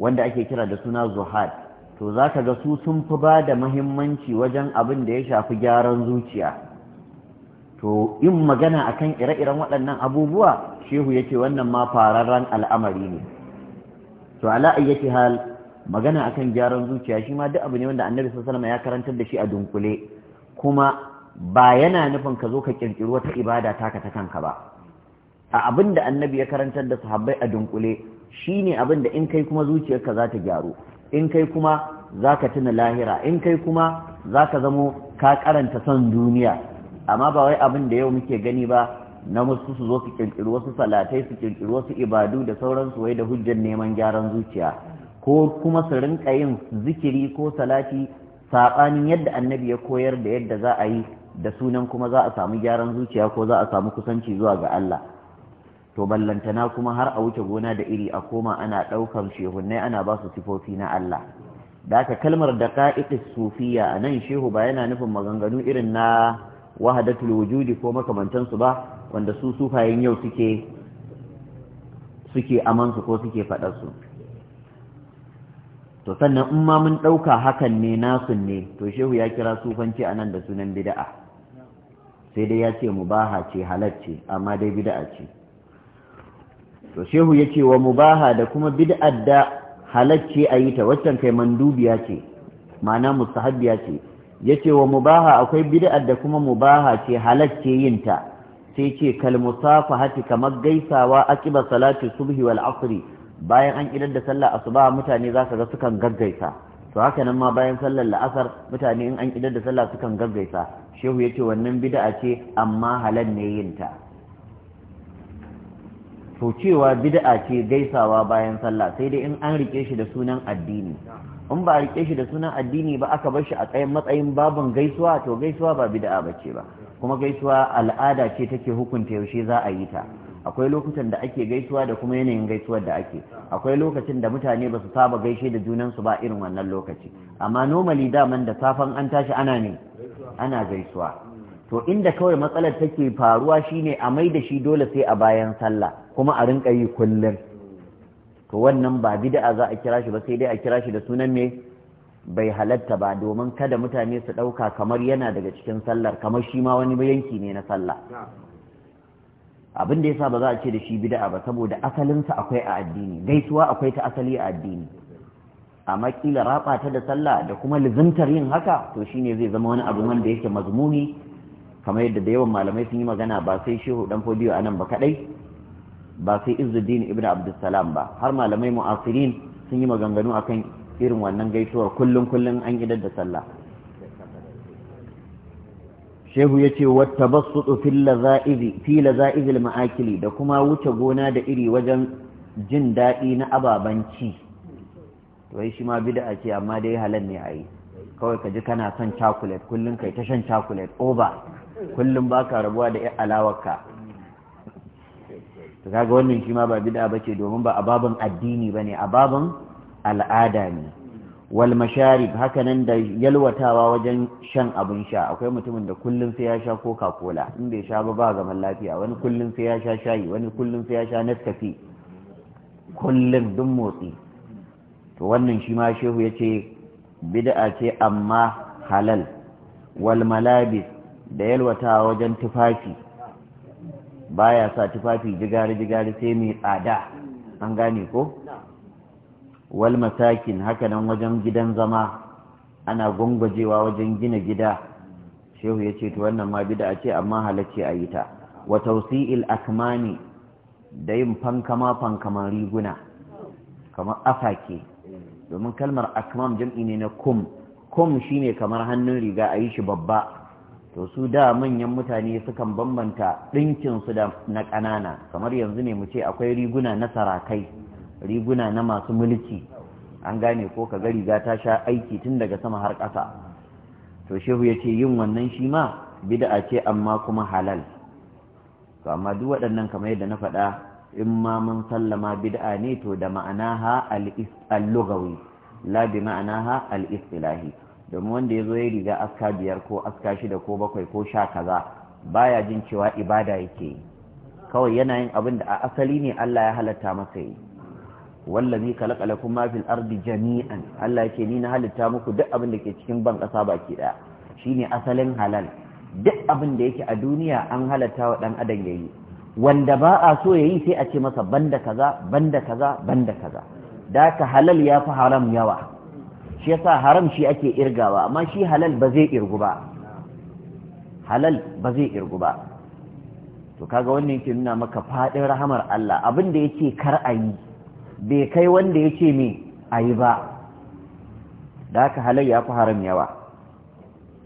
Speaker 1: wanda ake kira da suna zuhad to za ka ga su sun fi ba da mahimmanci wajen abin da ya shafi gyaran zuciya to in magana akan ire-iren waɗannan abubuwa shehu ya wannan ma fararren al'amari ne to ala ayyati hal magana akan gyaran zuciya shi ma duk abu ne wanda annabi sallallahu ya karantar da shi a dunkule kuma ba yana nufin ka zo ka kirkiri wata ibada taka ta kanka ba a abin da annabi ya karantar da sahabbai a dunkule shine abin da in kai kuma zuciyarka za ta gyaru in kai kuma zaka ka tuna lahira in kai kuma zaka ka zamo ka karanta son duniya amma ba wai abin da yau muke gani ba na musu su zo su kirkiri wasu salatai su kirkiri wasu ibadu da sauransu wai da hujjar neman gyaran zuciya ko kuma su rinka yin zikiri ko salati saɓanin yadda annabi ya koyar da yadda za a yi da sunan kuma za a samu gyaran zuciya ko za a samu kusanci zuwa ga Allah to ballantana kuma har a wuce gona da iri a koma ana ɗaukar shehunnai ana ba su sifofi na Allah da aka kalmar da ka'iƙi sufiya a nan shehu ba yana nufin maganganu irin na wahadatul wujudi ko makamantansu ba wanda su sufayen yau suke suke amansu ko suke faɗarsu to sannan in ma mun ɗauka hakan ne nasun ne to shehu ya kira sufanci a nan da sunan bida'a sai dai ya ce mubaha ce halacce amma dai bida'a ce to shehu ya ce wa mubaha da kuma bid'ar da halacce a yi ta waccan kai mandubiya ce ma'ana mustahabbiya ce ya ce wa mubaha akwai bid'ar da kuma mubaha ce halacce yin ta sai ce kalmusafa hati kamar gaisawa aqiba salatu subhi wal asri bayan an idar da sallah asuba mutane za su ga sukan gaggaisa to haka nan ma bayan sallar la'asar mutane in an idar da sallah sukan gaggaisa shehu yace wannan bid'a ce amma halal ne yin ta to cewa bid'a ce gaisawa bayan sallah sai dai in an rike shi da sunan addini in ba a rike shi da sunan addini ba aka bar shi a tsayin matsayin babin gaisuwa to gaisuwa ba bid'a bace ba kuma gaisuwa al'ada ce take hukunta yaushe za a yi ta akwai lokutan da ake gaisuwa da kuma yanayin gaisuwar da ake akwai lokacin da mutane ba su saba gaishe da junansu ba irin wannan lokaci amma normally daman da safan an tashi ana ne ana gaisuwa to inda kawai matsalar take faruwa shine a mai da shi dole sai a bayan sallah kuma a rinka yi kullum to wannan ba bid'a za a kira shi ba sai dai a kira shi da sunan me bai halatta ba domin kada mutane su ɗauka kamar yana daga cikin sallar kamar shi ma wani yanki ne na sallah abin da yasa ba za a ce da shi bid'a ba saboda asalinsa akwai a addini gaisuwa akwai ta asali a addini amma kila raba ta da sallah da kuma lizimtar yin haka to shine zai zama wani abu wanda yake mazmuni kamar yadda da yawan malamai sun yi magana ba sai shehu dan fodiyo anan ba kadai ba sai izuddin ibnu abdussalam ba har malamai mu'asirin sun yi maganganu akan irin wannan gaisuwar kullun kullun an idar da sallah shehu ya ce wata basu fi laza'izil ma'akili da kuma wuce gona da iri wajen jin daɗi na ababen ci wai shi ma bida ce amma dai halar ne a yi kawai ka ji kana son cakulet kullum kai ta shan cakulet oba kullum ba ka rabuwa da yan alawarka ta kaga wannan shi ma ba bida ba ce domin ba ababen addini ba ne ababen al'ada ne wal masharib hakanan da yalwatawa wajen shan abin sha akwai mutumin da kullum sai ya sha coca cola in bai sha ba ba zaman lafiya wani kullum sai ya sha shayi wani kullum sai ya sha nescafe kullum duk motsi to wannan shi ma shehu ya ce bid'a ce amma halal wal malabis da yalwatawa wajen tufafi baya sa tufafi jigari jigari sai mai tsada an gane ko wal masakin hakanan wajen gidan zama ana gwangwajewa wajen gina gida shehu ya ce to wannan ma bida ce amma halacce a yi ta wa tausi'il akmani da yin fankama fankaman riguna kamar afake domin kalmar akmam jam'i ne na kum kum shine kamar hannun riga a yi shi babba to su da manyan mutane sukan bambanta ɗinkinsu da na ƙanana kamar yanzu ne mu ce akwai riguna na sarakai riguna na masu mulki an gane ko ka ga riga ta sha aiki tun daga sama har ƙasa to shehu ya ce yin wannan shi ma bid'a ce amma kuma halal to amma duk waɗannan kamar yadda na faɗa in ma mun sallama bid'a ne to da ma'anaha al-lughawi la bi ma'anaha al-istilahi domin wanda ya zo ya riga aska biyar ko aska shida ko bakwai ko sha kaza baya jin cewa ibada yake yi kawai yana yin abin da a asali ne Allah ya halatta masa yi wallazi khalaqa lakum ma fil ardi jami'an Allah yake ni na halitta muku duk abin da ke cikin ban kasa baki daya shine asalin halal duk abin da yake a duniya an halatta wa dan adam yayi wanda ba a so yayi sai a ce masa banda kaza banda kaza banda kaza da ka halal ya fi haram yawa shi yasa haram shi ake irgawa amma shi halal ba zai irgu ba halal ba zai irgu ba to kaga wannan yake nuna maka fadin rahamar Allah abin da yake kar a yi bai kai wanda ya ce me a yi ba da aka halal ya fi haram yawa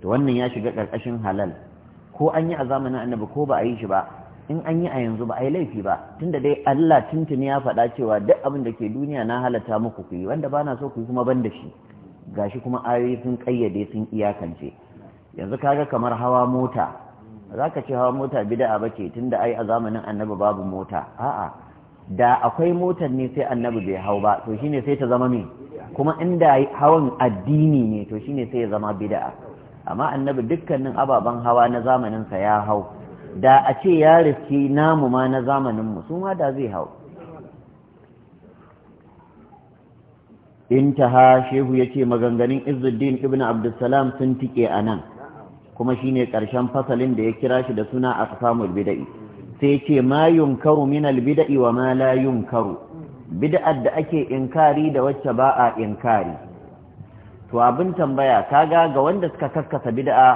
Speaker 1: to wannan ya shiga ƙarƙashin halal ko an yi a zamanin annabi ko ba a yi shi ba in an yi a yanzu ba a yi laifi ba tunda dai Allah tuntuni ya faɗa cewa duk abin da ke duniya na halatta muku ku yi wanda na so ku yi kuma ban da shi Ga shi kuma ayoyi sun kayyade sun iyakance yanzu kaga kamar hawa mota Za ka ce hawa mota bid'a bace tunda ai a zamanin annabi babu mota a'a da akwai motar ne sai annabi bai hau ba to shine sai ta zama me kuma inda hawan addini ne to shine sai ya zama bid'a amma annabi dukkanin ababen hawa na zamaninsa ya hau da a ce ya riski namu ma na zamaninmu su ma da zai hau intaha shehu ya ce maganganun izuddin ibn abdulsalam sun tike a nan kuma shine ƙarshen fasalin da ya kira shi da suna a bidai sai ce ma yunkaru min albida'i wa ma la yunkaru bid'ar da ake inkari da wacce ba a inkari to abin tambaya kaga ga wanda suka kaskasa bid'a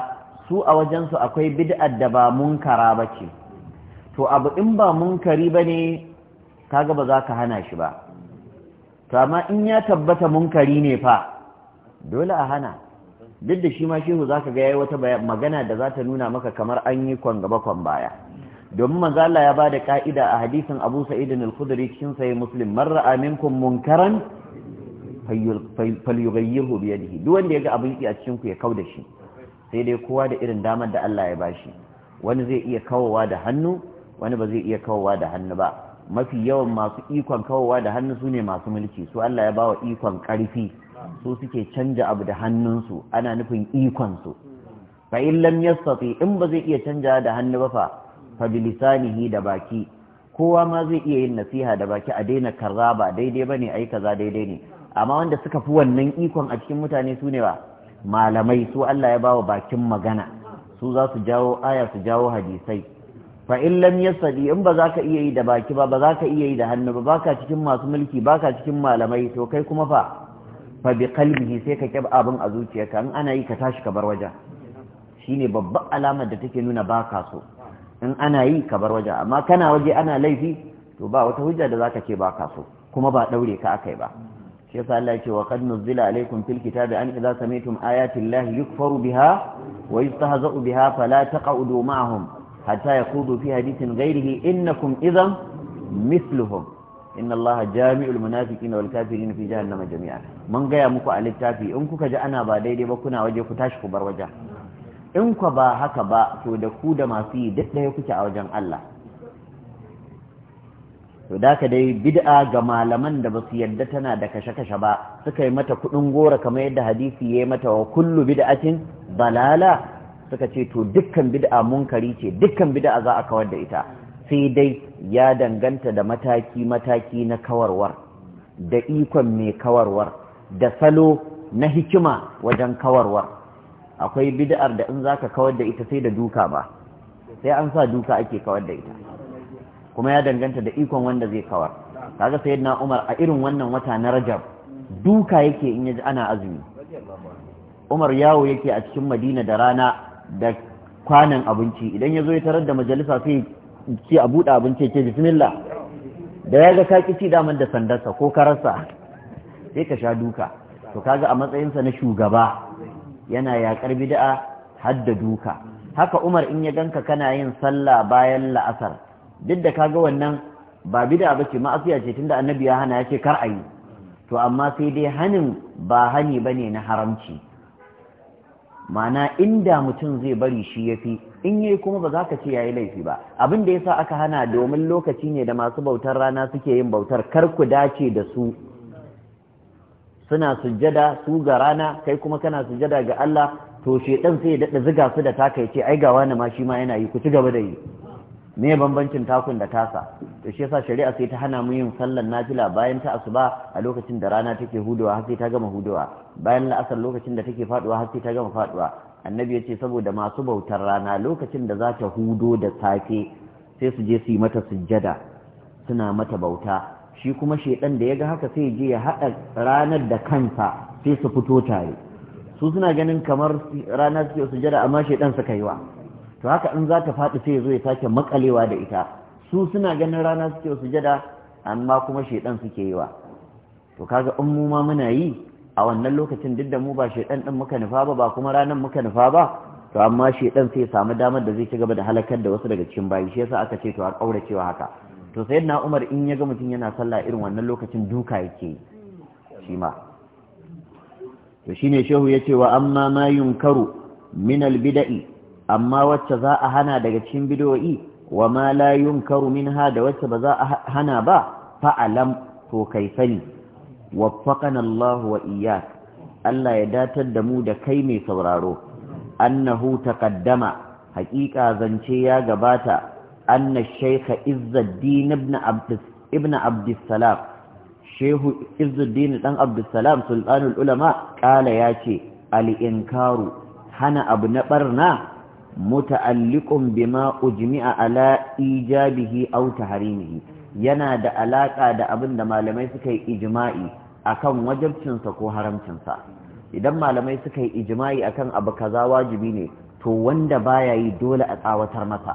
Speaker 1: su a wajensu akwai bid'ar da ba munkara bace to abu in ba munkari bane kaga ba za ka hana shi ba to amma in ya tabbata munkari ne fa dole a hana duk da shi ma shehu zaka ga yayi wata magana da za ta nuna maka kamar an yi kwan gaba kwan baya domin Mazala Allah ya bada ka'ida a hadisin Abu Sa'id al-Khudri cikin sahih Muslim man ra'a minkum munkaran falyughayyirhu bi yadihi duk wanda yaga abin ki a cikin ku ya kauda shi sai dai kowa da irin damar da Allah ya bashi wani zai iya kawowa da hannu wani ba zai iya kawowa da hannu ba mafi yawan masu ikon kawowa da hannu sune masu mulki su Allah ya bawa ikon karfi su suke canja abu da hannunsu ana nufin ikon su fa in lam yastati in ba zai iya canja da hannu ba fa fa da baki kowa ma zai iya yin nasiha da baki a daina daidai ba ne bane ayi kaza daidai ne amma wanda suka fi wannan ikon a cikin mutane su ne ba malamai su Allah ya bawa bakin magana su za su jawo aya su jawo hadisai fa in lam yasadi in ba za ka iya yi da baki ba ba za ka iya yi da hannu ba baka cikin masu mulki baka cikin malamai to kai kuma fa fa bi qalbihi sai ka kiba abin a zuciyarka in ana yi ka tashi ka bar wajen shine babbar alamar da take nuna baka so in ana yi ka bar waje amma kana waje ana laifi to ba wata hujja da zaka ce ba ka so kuma ba daure ka akai ba shi yasa Allah ya ce wa qad nuzila alaykum fil kitabi an idza sami'tum ayati llahi yukfaru biha wa yustahza'u biha fala taq'udu ma'ahum hatta yaqudu fi hadithin ghayrihi innakum izan mithluhum inna allaha jami'ul munafiqina wal kafirina fi jahannama jami'a mun gaya muku a littafi in kuka ji ana ba daidai ba kuna waje ku tashi ku bar wajen in kwa ba haka ba to da ku da masu yi duk ɗaya kuke a wajen Allah to da ka dai bid'a ga malaman da ba su yadda tana da kashe-kashe ba suka yi mata kuɗin gora kamar yadda hadisi ya yi mata wa kullu bid'atin balala suka ce to dukkan bid'a munkari ce dukkan bid'a za a kawar da ita sai dai ya danganta da mataki-mataki na kawarwar da ikon mai kawarwar da salo na hikima wajen kawarwar akwai bid'ar da in zaka kawar da ita sai da duka ba sai an sa duka ake kawar da ita kuma ya danganta da ikon wanda zai kawar kaga sayyidina Umar a irin wannan wata na Rajab duka yake in yaji ana azumi Umar yawo yake a cikin Madina da rana da kwanan abinci idan yazo ya tarar da majalisa sai ki a buɗe abinci ce bismillah da ya ga kaki ci daman da sandarsa ko kararsa sai ka sha duka to kaga a matsayinsa na shugaba yana yaƙar bid'a hadda duka haka Umar in ya ganka kana yin sallah bayan la'asar duk da kaga wannan ba bid'a bace ma'asiya ce tunda annabi ya hana yace kar ayi to amma sai dai hanin ba hani bane na haramci mana inda mutum zai bari shi yafi in yayi kuma ba za ka ce yayi laifi ba abin da yasa aka hana domin lokaci ne da masu bautar rana suke yin bautar kar ku dace da su suna sujjada su ga rana kai kuma kana sujjada ga Allah to shedan sai ya dada ziga su da taka yace ai ga wani ma shi ma yana yi ku ci gaba da yi me bambancin takun da tasa to shi yasa shari'a sai ta hana mu yin sallar nafila bayan ta asuba a lokacin da rana take hudowa har sai ta gama hudowa bayan la'asar lokacin da take faduwa har sai ta gama faduwa annabi yace saboda masu bautar rana lokacin da za ta hudo da safe sai su je su yi mata sujjada suna mata bauta shi kuma shaidan da ya ga haka sai je ya haɗa ranar da kansa sai su fito tare su suna ganin kamar ranar su jada, amma shaidan suka yi wa to haka in za ta faɗi sai ya zo ya sake makalewa da ita su suna ganin rana suke jada, amma kuma shaidan suke yi wa to kaga in mu ma muna yi a wannan lokacin duk da mu ba shaidan din muka nufa ba ba kuma ranar muka nufa ba to amma shaidan sai ya samu damar da zai ci gaba da halakar da wasu daga cikin bayi shi yasa aka ce to a kauracewa haka to na Umar in ya ga mutum yana sallah irin wannan lokacin duka yake shi ma to shine shehu ya ce wa amma ma yunkaru min albida'i amma wacce za a hana daga cikin bid'o'i wa ma la yunkaru minha da wacce ba za a hana ba fa alam to kai sani waffaqana Allah wa iyya Allah ya datar da mu da kai mai sauraro annahu taqaddama haƙiƙa zance ya gabata أن الشيخ إز الدين ابن عبد, ابن عبد السلام شيخ إز الدين ابن عبد السلام سلطان العلماء قال ياتي الإنكار هنا ابن برنا متعلق بما أجمع على إيجابه أو تحريمه yana da alaƙa da abin da malamai suka yi ijima'i akan wajabcinsa ko haramcinsa idan malamai suka yi ijima'i akan abu kaza wajibi ne to wanda baya yi dole a tsawatar masa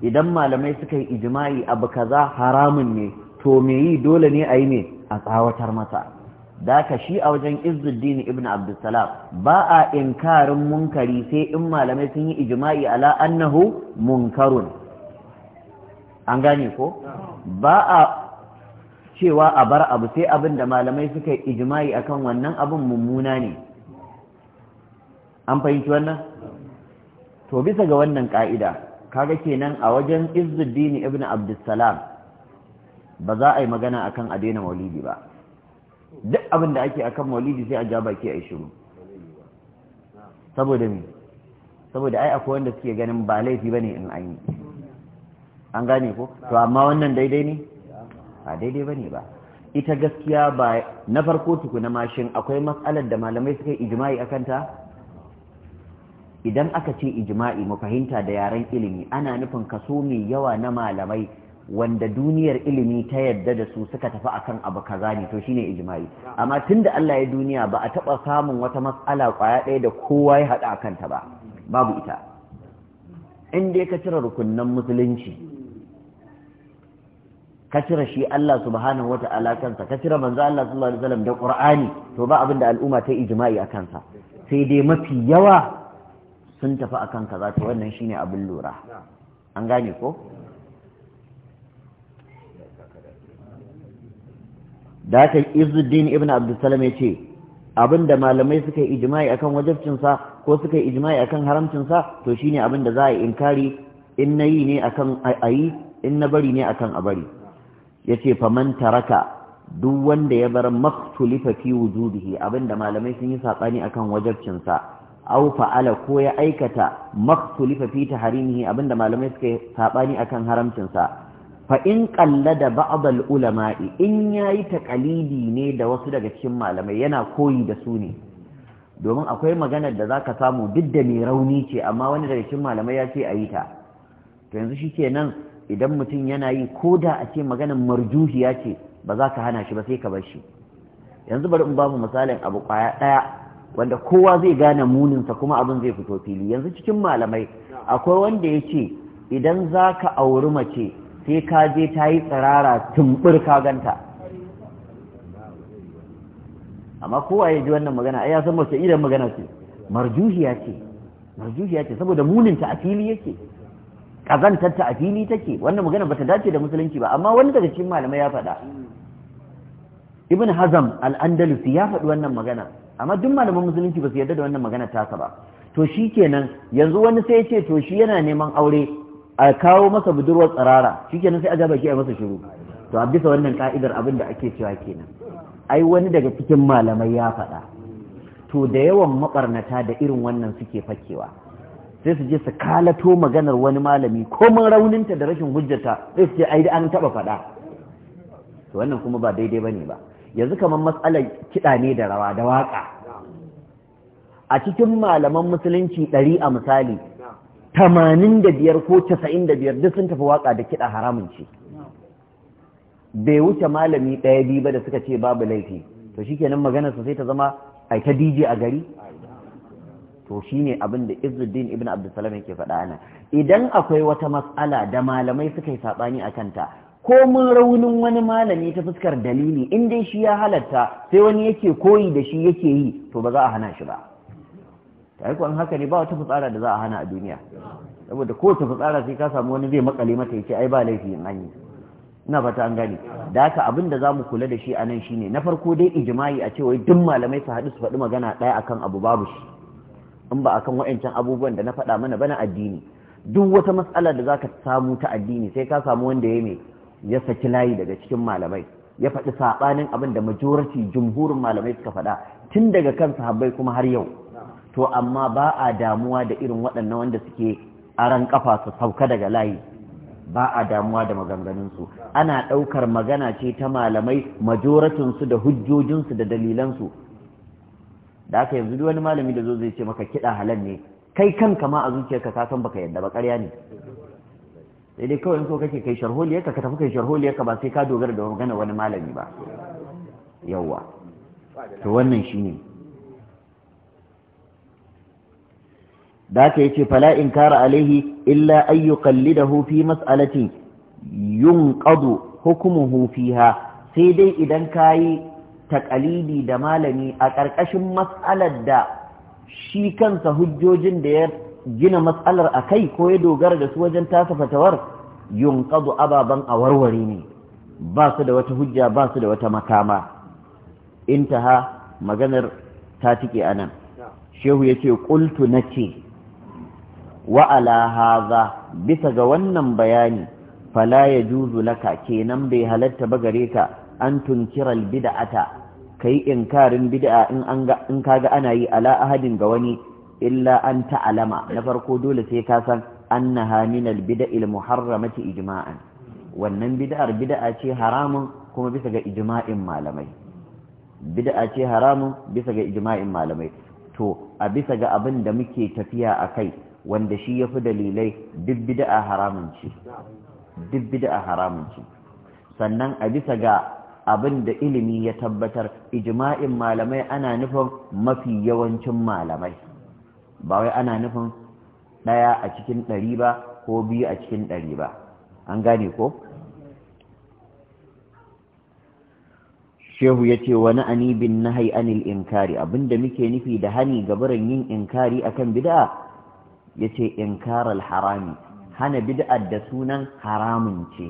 Speaker 1: idan malamai suka yi ijima'i abu kaza haramun ne to me yi dole ne a yi ne a tsawatar masa da ka shi a wajen izzuddin ibn abdulsalam ba a inkarin munkari sai in malamai sun yi ijima'i ala annahu munkarun an gane ko ba a cewa a bar abu sai abin da malamai suka yi ijima'i akan wannan abin mummuna ne an fahimci wannan to bisa ga wannan ka'ida kaga kenan a wajen izzuddin ibn abdussalam ba za a yi magana akan adena maulidi ba duk abin da ake akan maulidi sai a ja baki a yi shiru saboda me saboda ai akwai wanda suke ganin ba laifi bane in an yi an gane ko to amma wannan daidai ne ba daidai bane ba ita gaskiya ba na farko tukuna mashin akwai matsalar da malamai suka ijma'i akan ta idan aka ce ijma'i mu fahimta da yaren ilimi ana nufin kaso mai yawa na malamai wanda duniyar ilimi ta yadda da su suka tafi akan abu kaza ne to shine ijma'i amma tunda Allah ya duniya ba a taba samun wata matsala kwaya ɗaya da kowa ya haɗa akan ta ba babu ita in dai ka cire rukunnan musulunci ka cire shi Allah subhanahu wata'ala kansa ka cire manzo Allah sallallahu alaihi wasallam da Qur'ani to ba abin da al'umma ta ijma'i akan sa sai dai mafi yawa sun tafi akan kaza to wannan shine abin lura an gane ko da izuddin ibn abdulsalam ya ce abinda malamai suka yi ijimai akan wajabcinsa ko suka yi ijimai akan haramcinsa to shine abinda za a yi inkari in na ne akan ayi in na bari ne akan a bari ya ce faman taraka duk wanda ya bar maktulifa fi wujudihi abinda malamai sun yi saɓani akan wajabcinsa aw fa'ala ko ya aikata maktulifa fi taharimihi abinda malamai suka sabani akan haramcin sa fa in qallada ba'd al ulama'i in yayi taqalidi ne da wasu daga cikin malamai yana koyi da su ne domin akwai maganar da zaka samu duk da mai rauni ce amma wani daga cikin malamai ya ce ayi ta to yanzu nan, idan mutum yana yi ko da a ce maganar marjuhiya ce ba za ka hana shi ba sai ka bar shi yanzu bari in ba mu misalin abu kwaya ɗaya wanda kowa zai gane muninsa kuma abin zai fito fili yanzu cikin malamai akwai wanda ya ce idan za ka auri mace sai ka je ta yi tsirara tumbur ka ganta amma kowa ya ji wannan magana ai ya san mace idan magana ce marjuhiya ce marjuhiya ce saboda muninta a fili yake kazantarta a fili take wannan magana bata dace da musulunci ba amma wani daga cikin malamai ya faɗa ibn hazam al-andalusi ya faɗi wannan magana amma duk malaman musulunci ba su yarda da wannan magana tasa ba to shi kenan yanzu wani sai ya ce to shi yana neman aure a kawo masa budurwar tsarara. shi kenan sai a gaba baki a masa shiru to a bisa wannan ka'idar abin da ake cewa kenan ai wani daga cikin malamai ya faɗa to da yawan maɓarnata da irin wannan suke fakewa sai su je su kalato maganar wani malami ko mun rauninta da rashin hujjata sai su ce ai an taɓa faɗa to wannan kuma ba daidai bane ba yanzu kamar matsalar kiɗa ne da rawa da waƙa a cikin malaman musulunci ɗari a misali tamanin da biyar ko casa'in da biyar duk sun tafi waƙa da kiɗa haramun ce bai wuce malami ɗaya biyu ba da suka ce babu laifi to shi kenan maganarsa sai ta zama a ta dj a gari to shi ne abin da izuddin ibn abdulsalam yake faɗa ana idan akwai wata matsala da malamai suka yi saɓani a kanta komin raunin wani malami ta fuskar dalili in dai shi ya halatta sai wani yake koyi da shi yake yi to ba za a hana shi ba ta yi haka ne ba wata fitsara da za a hana a duniya saboda kowace fitsara sai ka samu wani zai makale mata ya ce ai ba laifi in an yi ina fata an gani. da haka abin da za mu kula da shi a nan ne, na farko dai jima'i a cewa duk malamai su haɗu su faɗi magana ɗaya akan abu babu shi in ba akan wa'ancan abubuwan da na faɗa mana bana addini duk wata matsalar da zaka samu ta addini sai ka samu wanda ya mai ya saki layi daga cikin malamai ya faɗi saɓanin abin da majority jumhurin malamai suka faɗa tun daga kan sahabbai kuma har yau to amma ba a damuwa da irin waɗannan wanda suke aran kafa su sauka daga layi ba a damuwa da maganganunsu ana ɗaukar magana ce ta malamai majoratinsu da hujjojinsu da dalilansu da aka yanzu wani malami da zo zai ce maka kiɗa halal ne kai kanka ma a zuciyarka ka san baka yadda ba ƙarya ne sai dai kawai so kake kai sharholiyar ka tafi kai ka, ba sai ka dogara da magana wani malami ba yawwa to wannan shine da aka yace fala kara alaihi illa ay yuqallidahu fi mas'alatin yunqadu hukmuhu fiha sai dai idan kayi takalidi da malami a ƙarƙashin mas'alar da shi kansa hujjojin da ya gina matsalar a kai ko ya dogara da su wajen tasa fatawar yunƙazu ababen a warware ne ba su da wata hujja ba su da wata makama intaha maganar ta tike nan shehu ya yace ƙultu nace wa ala bisa ga wannan bayani fala ya juzu laka kenan bai halatta ba gare ka an tunkira bid'ata ata, inkarin yi in ka ga in kaga ana yi ala ahadin ga wani illa an ta'alama na farko dole sai ka san annaha min al muharramati ijma'an wannan bid'ar bid'a ce haramun kuma bisa ga ijma'in malamai bid'a ce haramun bisa ga ijma'in malamai to a bisa ga abin da muke tafiya a kai wanda shi yafi dalilai duk bid'a haramun ce duk bid'a haramun ce sannan a bisa ga abin da ilimi ya tabbatar ijma'in malamai ana nufin mafi yawancin malamai ba wai ana nufin ɗaya a cikin ɗari ba ko biyu a cikin ɗari ba an gane ko shehu ya ce wani anibin na anil inkari abinda muke nufi da hani gabarin yin inkari akan bid'a ya ce karar harami hana bid'ar da sunan haramun ce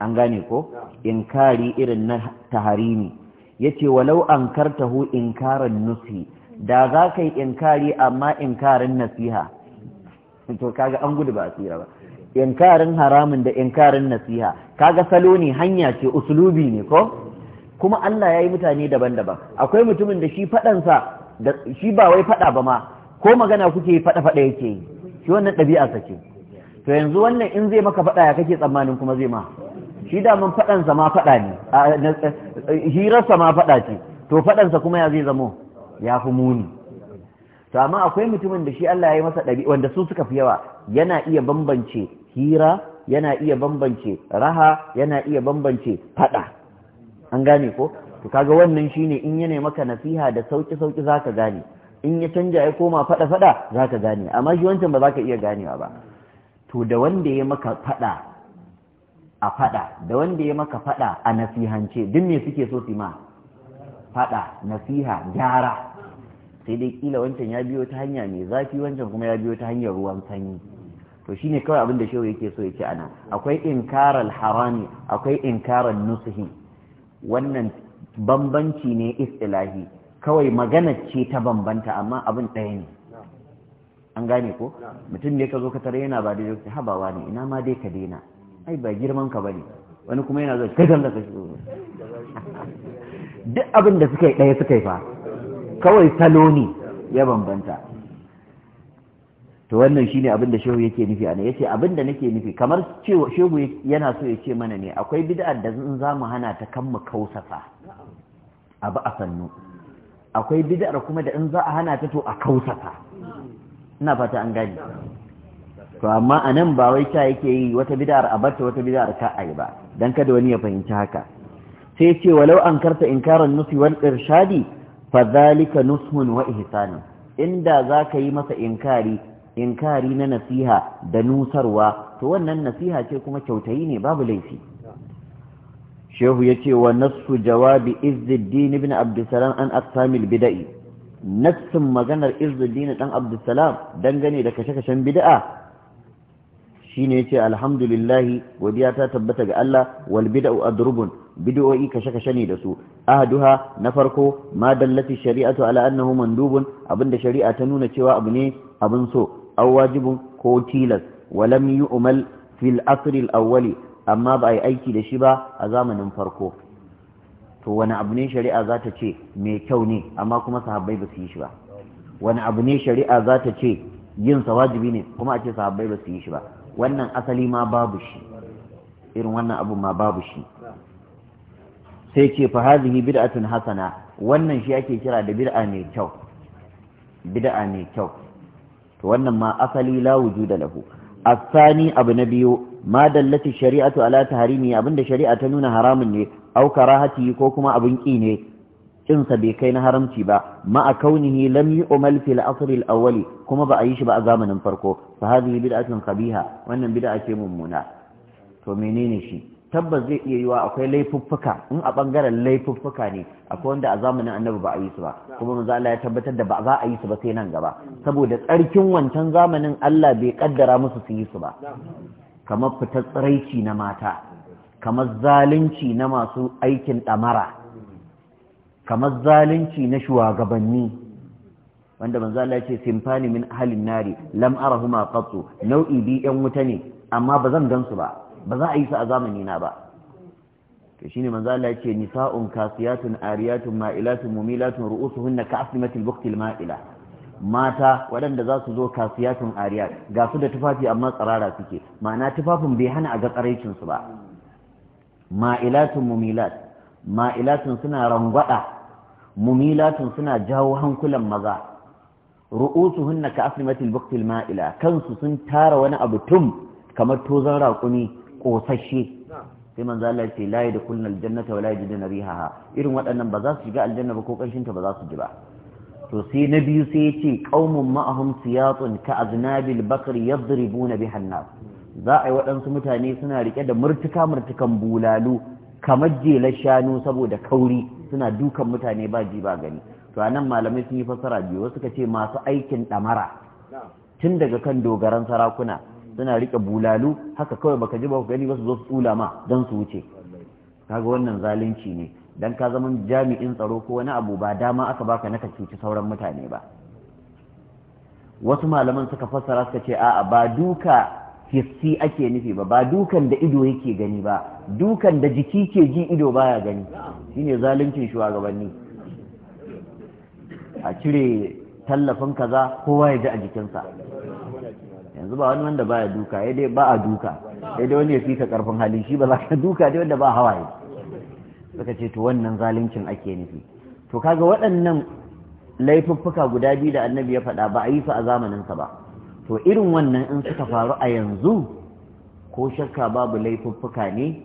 Speaker 1: an gane ko inkari irin na taharimi ya ce walau an kartahu inkarar nufi da za ka yi inkari amma inkarin nasiha to kaga an gudu ba a tsira ba inkarin haramun da inkarin nasiha kaga salo ne hanya ce usulubi ne ko kuma Allah ya yi mutane daban-daban akwai mutumin da shi faɗansa shi ba wai faɗa ba ma ko magana kuke faɗa-faɗa yake yi shi wannan ɗabi'a ce to yanzu wannan in zai maka faɗa ya kake tsammanin kuma zai ma shi daman faɗansa ma faɗa ne eh, hirarsa ma faɗa ce to faɗansa kuma ya zai zamo ya fi muni to amma akwai mutumin da shi Allah ya yi masa ɗabi wanda su suka fi yawa yana iya bambance hira yana iya bambance raha yana iya bambance faɗa an gane ko to kaga wannan shine in yana maka nasiha da sauki sauki zaka gane in ya canja ya koma faɗa faɗa zaka gane amma shi wancan ba za ka iya ganewa ba to da wanda ya maka faɗa a faɗa da wanda ya maka faɗa a nasihance duk me suke so su ma faɗa nasiha gyara sai dai kila wancan ya biyo ta hanya mai zafi wancan kuma ya biyo ta hanyar ruwan sanyi to shine kawai abin da shehu yake so ya ce ana akwai inkarar harami akwai inkarar nusuhi wannan bambanci ne istilahi kawai magana ce ta bambanta amma abin ɗaya ne an gane ko mutum ne ka zo ka tare yana ba daidai ka habawa ne ina ma dai ka daina ai ba girman ka bane wani kuma yana zo kai zalla ka shi duk abin da suka yi ɗaya suka yi fa kawai salo ne ya bambanta to wannan shine abin da shehu yake nufi ana yace abin da nake nufi kamar cewa shehu yana so ya ce mana ne akwai bid'ar da in za mu hana ta kan mu kausafa abu a sannu akwai bid'ar kuma da in za a hana ta to a kausafa ina fata an gani to amma anan ba wai ta yake yi wata bid'ar a bata wata bid'ar ka ai ba dan kada wani ya fahimci haka sai ce walau an karta inkarar nufi wal irshadi fa zalika nusmun wa ihsanun inda zaka yi masa inkari inkari na nasiha da nusarwa to wannan nasiha ce kuma kyautayi ne babu laifi shehu yace wa nassu jawabi izzuddin ibn abdussalam an aqsamil bid'i nassin maganar izzuddin dan abdussalam dangane da kashe-kashen bid'a shine yace alhamdulillah godiya ta tabbata ga Allah wal bid'u adrubun bid'o'i kashe-kashe ne da su ahaduha na farko ma dallati shari'atu ala annahu mandubun abinda shari'a ta nuna cewa abu ne abin so aw wajibun ko tilas walam yu'mal fil asr al awwali amma ba ai aiki da shi ba a zamanin farko to wani abu ne shari'a za ta ce mai kyau ne amma kuma sahabbai ba su yi shi ba wani abu ne shari'a za ta ce yin sa wajibi ne kuma a ce sahabbai ba su yi shi ba wannan asali ma babu shi irin wannan abu ma babu shi sai ce fa hadhihi bid'atun hasana wannan shi ake kira da bid'a mai kyau bid'a mai kyau to wannan ma asali la wujuda lahu asani abu na biyu ma dallati shari'atu ala tahrimi abinda shari'a ta nuna haramun ne au karahati ko kuma abin ki ne kin sa bai kai na haramci ba ma a kaunihi lam yu'mal fil asr al awwali kuma ba a yi shi ba a zamanin farko fa hadhihi bid'atun qabiha wannan bid'a ce mummuna to menene shi tabbas zai iya yiwa akwai laifuffuka in a bangaren laifuffuka ne akwai wanda a zamanin annabi ba a yi su ba kuma mu za ya tabbatar da ba za a yi su ba sai nan gaba saboda tsarkin wancan zamanin Allah bai kaddara musu su yi su ba kamar fitar tsiraici na mata kamar zalunci na masu aikin damara kamar zalunci na shugabanni wanda manzo Allah ya ce simfani min halin nari lam arahuma qattu nau'i bi yan wuta ne amma bazan gansu ba ba za a yi su a zamani na ba to ne manzo Allah yake nisa'un kasiyatun ariyatun ma'ilatun mumilatun ka ka'asmatil buqtil ma'ila mata waɗanda za su zo kasiyatun ariyat ga su da tufafi amma tsarara suke ma'ana tufafin bai hana a ga tsaraicin su ba ma'ilatun mumilat ma'ilatun suna rangwada mumilatun suna jawo hankulan maza ka ka'asmatil buqtil ma'ila kansu sun tara wani abu tum kamar tozan raƙumi ƙosashe sai manzo Allah ce la yadkhuluna aljannata wa la yajiduna rihaha irin waɗannan ba za su shiga aljanna ba ko ƙarshen ta ba za su ji ba to sai na biyu sai yace qaumun ma'ahum siyatun ka aznabil bakr yadribuna biha an-nas za a yi waɗansu mutane suna rike da murtuka murtukan bulalu kamar jelar shanu saboda kauri suna dukan mutane ba ji ba gani to anan malamai sun yi fasara biyu wasu suka ce masu aikin ɗamara tun daga kan dogaran sarakuna suna rike bulalu haka kawai baka ji ba ku gani ba su zo su tsula ma don su wuce kaga wannan zalunci ne dan ka zama jami'in tsaro ko wani abu ba dama aka baka naka cuci sauran mutane ba wasu malaman suka fassara suka ce a'a ba duka hissi ake nufi ba ba dukan da ido yake gani ba dukan da jiki ke ji ido baya gani shine zaluncin shugabanni a cire tallafin kaza kowa ya ji a jikinsa yanzu ba wani wanda ya duka ya dai ba a duka ya dai wani ya ka karfin hali shi ba za ka duka dai wanda ba hawaye suka ce to wannan zaluncin ake nufi to kaga waɗannan laifuffuka guda biyu da annabi ya faɗa ba a yi su a zamaninsa ba to irin wannan in suka faru a yanzu ko shakka babu laifuffuka ne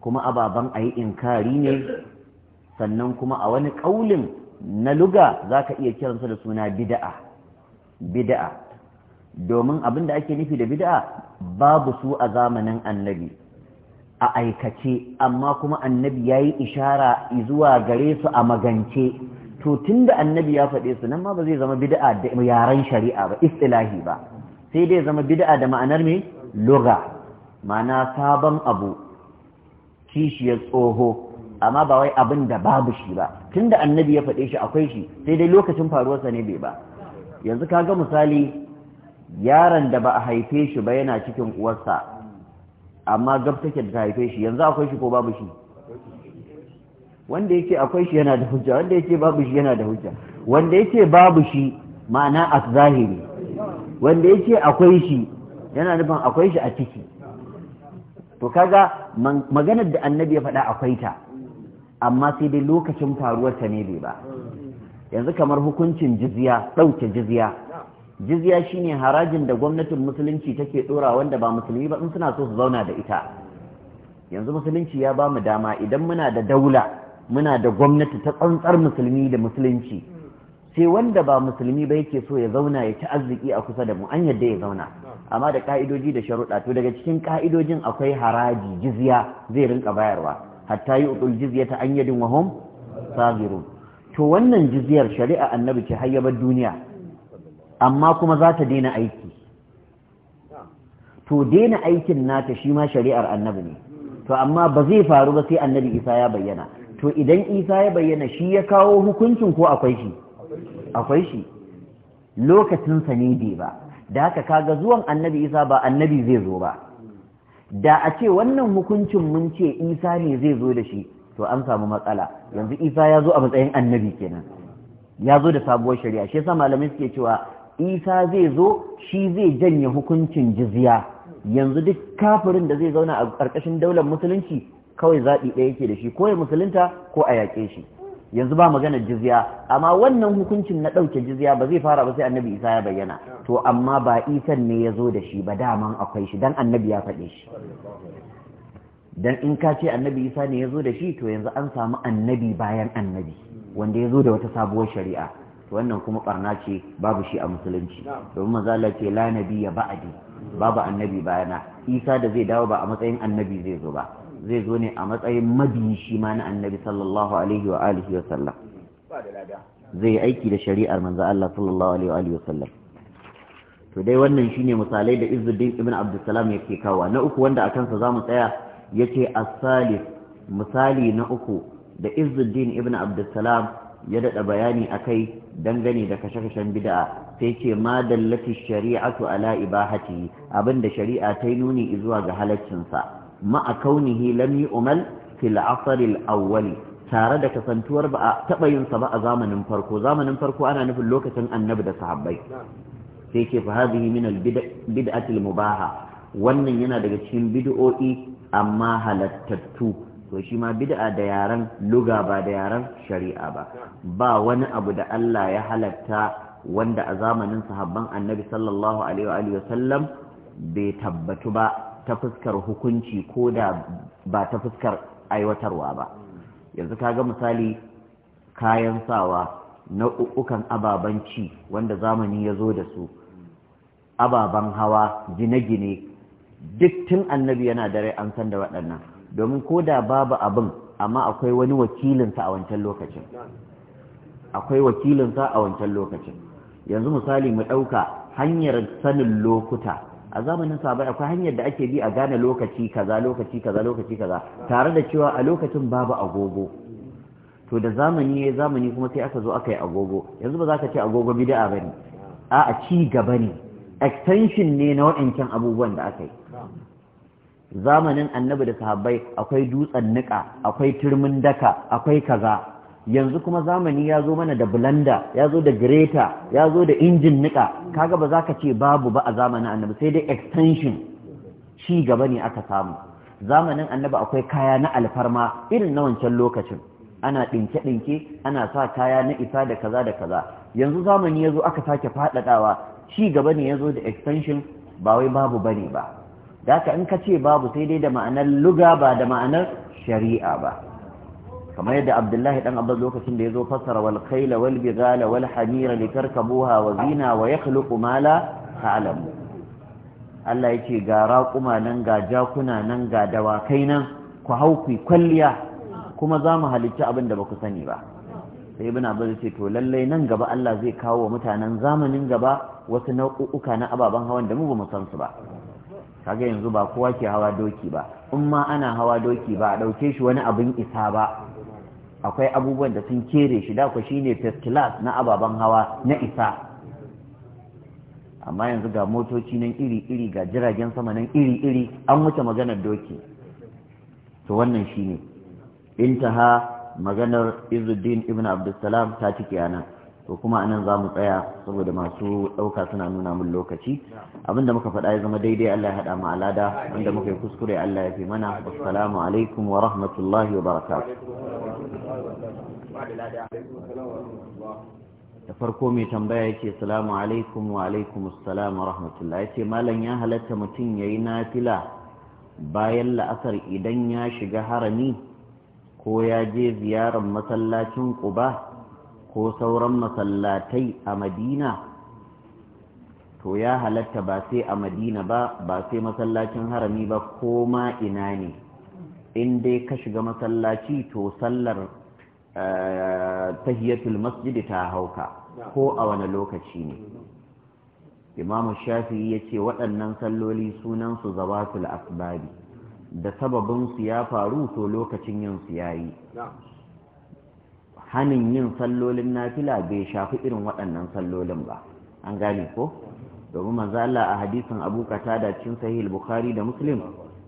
Speaker 1: kuma ababen a yi inkari ne sannan kuma a wani ƙaulin na luga za ka iya kiransa da suna bida'a bida'a domin abin da ake nufi da bid'a babu su a zamanin annabi a aikace amma kuma annabi ya yi ishara zuwa gare su a magance to tun da annabi ya faɗe su nan ma ba zai zama bid'a da yaren shari'a ba istilahi ba sai dai zama bid'a da ma'anar me lugha ma'ana sabon abu kishiyar tsoho amma ba wai abin da babu shi ba tun da annabi ya faɗe shi akwai shi sai dai lokacin faruwarsa ne bai ba yanzu kaga misali yaron da ba a haife shi ba yana cikin uwarsa amma gab da ta haife shi yanzu akwai shi ko babu shi wanda yake akwai shi yana da hujja wanda yake babu shi yana da hujja wanda yake babu shi ma'ana a zahiri wanda yake akwai shi yana nufin akwai shi a ciki to kaga maganar da annabi ya faɗa akwai ta amma sai dai lokacin faruwar ta ne bai ba yanzu kamar hukuncin jizya ɗauke jizya jizya shine harajin da gwamnatin musulunci take dora wanda ba musulmi ba in suna so su zauna da ita yanzu musulunci ya ba mu dama idan muna da daula muna da gwamnati ta tsantsar musulmi da musulunci sai wanda ba musulmi ba yake so ya zauna ya ci arziki a kusa da mu an yadda ya zauna amma da ka'idoji da sharuɗa to daga cikin ka'idojin akwai haraji jizya zai rinka bayarwa hatta yi uɗul jizya ta an yadin wahum Sabiru. to wannan jizyar shari'a annabi ce hayyabar duniya amma kuma za ta daina aiki to daina aikin nata shi ma shari'ar annabi ne to amma ba zai faru ba sai annabi isa ya bayyana to idan isa ya bayyana shi ya kawo hukuncin ko akwai shi akwai shi lokacinsa ne bai ba da haka kaga zuwan annabi isa ba annabi zai zo ba da a ce wannan hukuncin mun ce isa ne zai zo da shi to an samu matsala yanzu isa ya zo a matsayin annabi kenan ya zo da sabuwar shari'a shi yasa malamai suke cewa isa zai zo shi zai janye hukuncin jizya yanzu duk kafirin da zai zauna a ƙarƙashin daular musulunci kawai zaɓi ɗaya yake da shi ko ya musulunta ko a yaƙe shi yanzu ba magana jizya amma wannan hukuncin na ɗauke jizya ba zai fara ba sai annabi isa ya bayyana to amma ba isan ne ya zo da shi ba daman akwai shi dan annabi ya faɗe shi dan in ka ce annabi isa ne ya zo da shi to yanzu an samu annabi bayan annabi wanda ya zo da wata sabuwar shari'a wannan kuma barna ce babu shi a musulunci domin maza Allah ce la ya ba'adi. babu annabi bayana Isa da zai dawo ba a matsayin annabi zai zo ba zai zo ne a matsayin mabiyi shi ma na annabi sallallahu alaihi wa alihi wa sallam zai aiki da shari'ar manzo Allah sallallahu alaihi wa sallam to dai wannan shine misalai da Izzuddin ibn Abdussalam yake kawa na uku wanda akan sa zamu tsaya yace as-salis misali na uku da Izzuddin ibn Abdussalam ya daɗa bayani a kai dangane da kashe-kashen bida'a sai ce ma dallati shari'atu ala ibahati abinda shari'a ta yi nuni zuwa ga halaccinsa ma'a kaunihi lam yi umal fil asaril awwali tare da kasantuwar ba a taɓa yin sa ba a zamanin farko zamanin farko ana nufin lokacin annabi da sahabbai sai ce fa hadhihi min al bid'atil mubaha wannan yana daga cikin bid'o'i amma halattattu to shi ma bid'a da yaren luga ba da yaren shari'a ba ba wani abu da Allah ya halatta wanda a zamanin sahabban annabi sallallahu alaihi wa sallam bai tabbatu ba ta fuskar hukunci ko da ba ta fuskar aiwatarwa ba yanzu kaga misali kayan sawa nau'ukan ababen ci wanda zamani ya zo da su ababen hawa gine-gine duk tun annabi yana dare an san da waɗannan domin ko da babu abin amma akwai wani wakilinsa a wancan lokacin akwai wakilinsa a wancan lokacin yanzu misali mu ɗauka hanyar sanin lokuta a zamanin sabai akwai hanyar da ake bi a gane lokaci kaza lokaci kaza lokaci kaza tare da cewa a lokacin babu agogo to da zamani ya zamani kuma sai aka zo aka yi agogo yanzu ba za ka ce agogo bid'a ba ne a ci gaba ne extension ne na waɗancan abubuwan da aka yi zamanin annabi da sahabbai akwai dutsen niƙa akwai turmin daka akwai kaza yanzu kuma zamani ya zo mana da blender ya zo da greta ya zo da injin nika kaga ba za ka ce babu ba a zamanin annabi sai dai extension ci gaba ne aka samu zamanin annabi akwai kaya na alfarma irin na wancan lokacin ana ɗinke-ɗinke ana sa kaya na isa da kaza da kaza yanzu zamani ya zo aka sake faɗaɗawa ci gaba ne ya zo da extension ba wai babu bane ba daka in ka ce babu sai dai da ma'anar luga ba da ma'anar shari'a ba kamar yadda abdullahi dan abbas lokacin da ya zo fassara wal khayla wal bighala wal hamira tarkabuha wa zina wa yakhluqu ma la ta'lamu Allah yake ga raquma nan ga jakuna nan ga dawakai nan ku hau kulliya kwalliya kuma za mu halicci abin da ba ku sani ba sai ibn abbas ce to lallai nan gaba Allah zai kawo wa mutanen zamanin gaba wasu nau'uka na ababen hawan da mu ba mu san su ba kaga yanzu ba kowa ke hawa doki ba in ma ana hawa doki ba a ɗauke shi wani abin isa ba akwai abubuwan da sun kere shi da ku shine first class na ababen hawa na isa amma yanzu ga motoci nan iri-iri ga jiragen sama nan iri-iri an wuce maganar doki to wannan shine intaha maganar izuddin ibn abdulsalam ta cike yana. to kuma anan za mu tsaya saboda masu ɗauka suna nuna mun lokaci abinda muka faɗa ya zama daidai Allah ya haɗa mu alada wanda muka yi kuskure Allah ya fi mana assalamu alaikum wa rahmatullahi wa barakatuh da farko mai tambaya yake salamu alaikum wa alaikum assalam wa rahmatullahi yace malam ya halatta mutum yayi nafila bayan la'asar idan ya shiga harami ko ya je ziyarar masallacin quba ko sauran masallatai a madina to ya halatta ba sai a madina ba ba sai masallacin harami ba ko ma ina ne in dai ka shiga masallaci to sallar eh, tahiyatul masjidi ta hauka ko a wani lokaci ne imamu shafi'i ya ce waɗannan salloli sunan su zawatul asbabi da sababinsu ya faru to lokacin yin ya yi hanin yin sallolin nafila bai shafi irin waɗannan sallolin ba an gane ko domin manzo a hadisin Abu Qatada cikin Sahih Bukhari da Muslim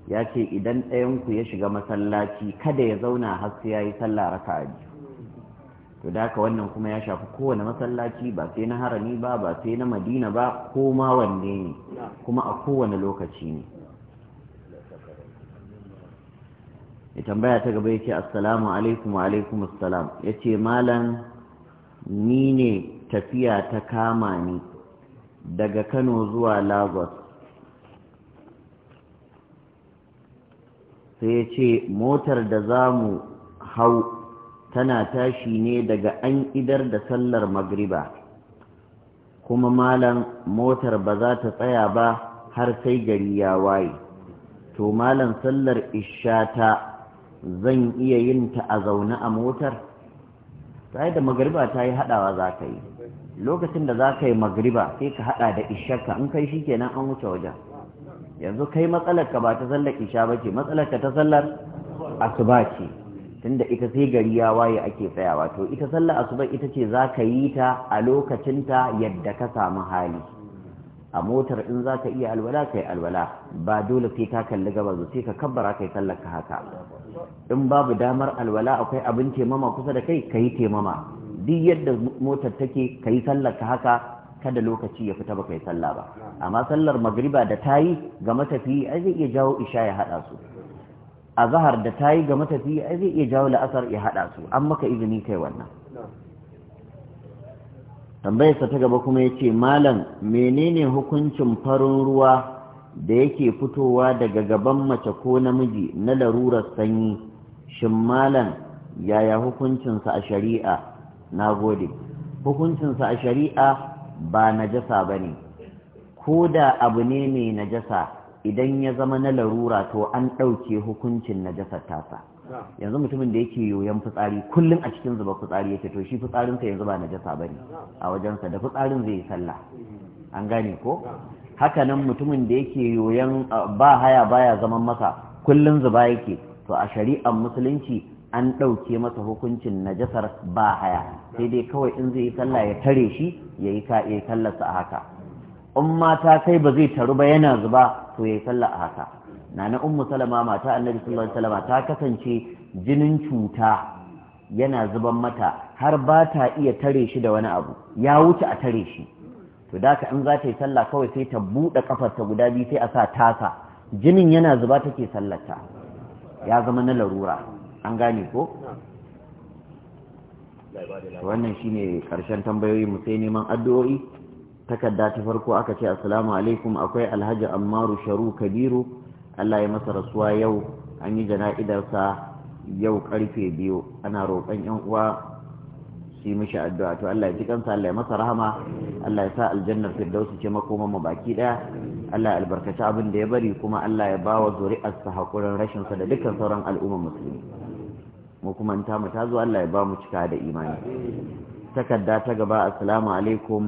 Speaker 1: ya ce idan ɗayanku ya shiga masallaci kada ya zauna har sai yayi sallah raka'a biyu to da haka wannan kuma ya shafi kowane masallaci ba sai na harami ba ba sai na Madina ba ko ma wanne ne kuma a kowane lokaci ne ya tambaya ta gaba ya ce assalamu alaikum wa alaikum assalam ya ce malam ni ne tafiya ta kama ni daga kano zuwa lagos sai ya ce motar da zamu hau tana tashi ne daga an idar da sallar magriba kuma malam motar ba za ta tsaya ba har sai gari ya waye to malam sallar isha ta zan iya yin ta a zaune a motar ta da magariba ta yi hadawa za ka yi lokacin da za ka yi magariba sai ka hada da ishaka in kai shi kenan an wuce wajen yanzu kai matsalarka ba ta sallar isha ba ce matsalarka ta sallar asuba ce tunda ita sai gari ya waye ake tsayawa to ita sallar asuba ita ce za ka yi ta a lokacinta yadda ka samu hali a motar in za ka iya alwala ka yi alwala ba dole sai ka kalli gaba sai ka kabbara kai sallar ka haka in babu damar alwala akwai abin taimama kusa da kai ka yi taimama duk yadda motar take ka yi sallar ka haka kada lokaci ya fita baka yi sallah ba amma sallar magriba da ta yi ga matafiyi ai zai iya jawo isha ya haɗa su a zahar da yi ga matafiyi ai zai iya jawo la'asar ya haɗa su an maka izini kai wannan tambayar ta gaba kuma yace malam menene hukuncin farin ruwa da yake fitowa daga gaban mace ko namiji na larurar sanyi shin malam yaya hukuncinsa a shari'a na gode hukuncinsa a shari'a ba najasa ba ne ko da abu ne mai najasa idan ya zama na larura to an ɗauke hukuncin najasar tasa yanzu mutumin da yake yoyon fitsari kullum a cikin zuba fitsari yake to shi fitsarinsa yanzu ba najasa ba ne a wajensa da fitsarin zai yi sallah an gane ko Haka nan mutumin da yake yoyon ba haya baya zaman masa kullun zuba yake to a shari'ar musulunci an ɗauke masa hukuncin najasar ba haya sai dai kawai in zai yi sallah ya tare shi ya yi a haka in mata kai ba zai taru ba yana zuba to ya yi sallah a haka nana ummu salama mata annabi sallallahu alaihi wasallam ta kasance jinin cuta yana zuban mata har ba ta iya tare shi da wani abu ya wuce a tare shi to da ka in za ta yi sallah kawai sai ta buɗe ƙafarta guda biyu sai a sa tasa jinin yana zuba take sallata ya zama na larura an gane ko wannan shine karshen tambayoyi mu sai neman addu'o'i takarda ta farko aka ce assalamu alaikum akwai alhaji ammaru sharu kabiru Allah ya masa rasuwa yau an yi jana'idarsa yau karfe biyu ana roƙon yan uwa yi mishi addu'a to Allah ya ji kansa Allah ya masa rahama Allah ya sa aljannar firdausi ce makoma mu baki daya Allah ya albarkaci abin da ya bari kuma Allah ya bawa zuri'arsa hakurin rashin sa da dukkan sauran al'umma musulmi mu kuma in mu ta zo Allah ya ba mu cika da imani takarda ta gaba assalamu alaikum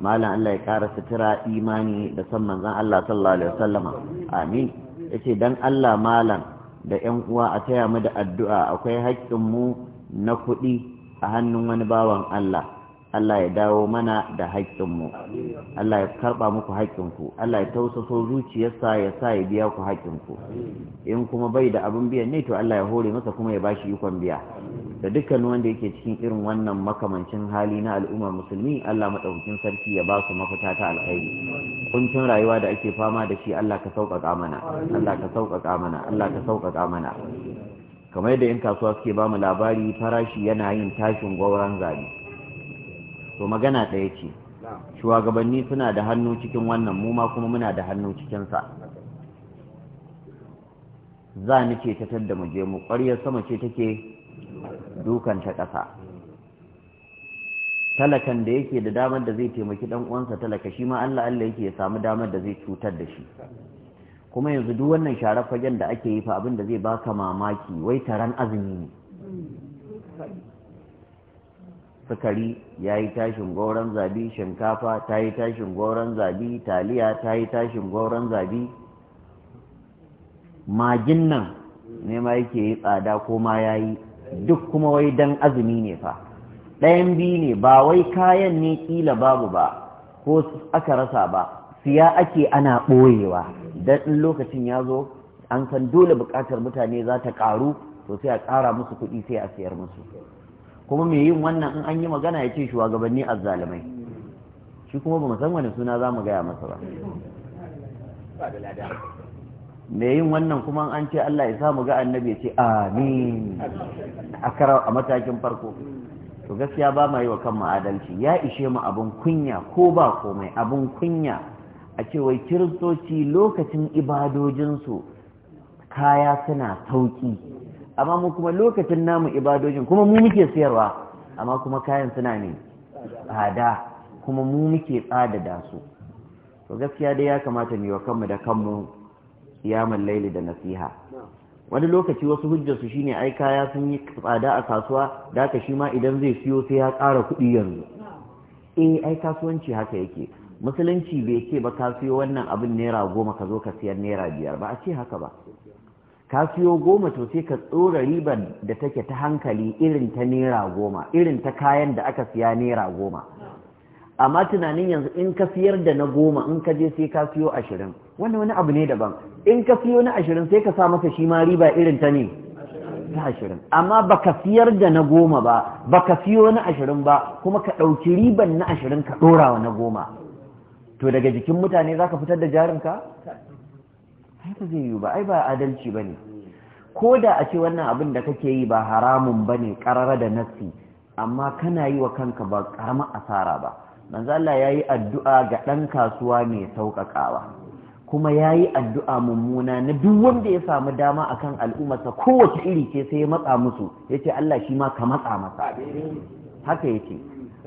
Speaker 1: malam Allah ya kara sutura imani da san manzon Allah sallallahu alaihi wasallama amin yace dan Allah malam da yan uwa a taya mu da addu'a akwai haƙƙin mu na kuɗi a hannun wani bawan Allah Allah ya dawo mana da haƙƙinmu Allah ya karɓa muku haƙƙinku Allah ya tausaso zuciyarsa ya sa ya biya ku haƙƙinku in kuma bai da abin biyan ne to Allah ya hore masa kuma ya bashi ikon biya da dukkan wanda yake cikin irin wannan makamancin hali na al'ummar musulmi Allah madaukakin sarki ya ba su mafita ta alkhairi kuncin rayuwa da ake fama da shi Allah ka sauƙaƙa mana Allah ka sauƙaƙa mana Allah ka sauƙaƙa mana kamar yadda 'yan kasuwa suke ba mu labari farashi yana yin tashin gwauran zabi to magana ɗaya ce shugabanni suna da hannu cikin wannan mu ma kuma muna da hannu cikinsa za ni ce ta tadda mu je mu ƙwarya sama ce take dukan ta ƙasa talakan da yake da damar da zai taimaki ɗan uwansa talaka shi ma Allah Allah yake ya samu damar da zai cutar da shi kuma yanzu duk wannan share fagen da ake yi fa abin da zai baka mamaki wai taron azumi ne sukari ya yi tashin goron zabi shinkafa ta yi tashin goron zabi taliya ta yi tashin goron zabi magin nan ne ma yake yi tsada ko ma ya yi duk kuma wai dan azumi ne fa ɗayan biyu ne ba wai kayan ne ƙila babu ba ko aka rasa ba siya ake ana ɓoyewa dan lokacin ya zo an san dole buƙatar mutane za ta ƙaru to sai a ƙara musu kuɗi sai a sayar musu kuma me yin wannan in an yi magana ya ce shugabanni azzalumai shi kuma ba san wani suna za mu gaya masa ba me yin wannan kuma an ce Allah ya samu ga annabi ya ce amin a a matakin farko to gaskiya ba ma yi wa kanmu adalci ya ishe mu abin kunya ko ba komai abin kunya a cewa kiristoci lokacin ibadojinsu kaya suna sauki amma mu kuma lokacin namu ibadojin kuma mu muke sayarwa amma kuma kayan suna ne tsada kuma mu muke tsadada su to gaskiya dai ya kamata mu yi wa kanmu da kanmu siyaman laili da nasiha wani lokaci wasu su shine ai kaya sun yi tsada a kasuwa da haka shi ma idan zai siyo sai ya ƙara kuɗi yanzu eh ai kasuwanci haka yake musulunci bai ce ba ka siyo wannan abin naira goma ka zo ka siyar naira biyar ba a ce haka ba ka siyo goma to sai ka tsora ribar da take ta hankali irin ta naira goma irin ta kayan da aka siya naira goma amma tunanin yanzu in ka siyar da na goma in ka je sai ka siyo ashirin wanda wani abu ne daban in ka siyo na ashirin sai ka sa masa shi ma riba irin ta ne ta ashirin amma ba ka siyar da na goma ba ba ka siyo na ashirin ba kuma ka ɗauki riban na ashirin ka ɗora wa na goma to daga jikin mutane za ka fitar da jarinka? haka zai yi ba ai ba adalci ba ne ko da a ce wannan abin da kake yi ba haramun ba ne ƙarara da nassi amma kana yi wa kanka ba karama asara ba manzo Allah ya yi addu'a ga ɗan kasuwa mai sauƙaƙawa kuma ya yi addu'a mummuna na duk wanda ya samu dama a kan al'ummarsa kowace iri ce sai ya matsa musu ya ce Allah shi ma ka matsa masa haka ya ce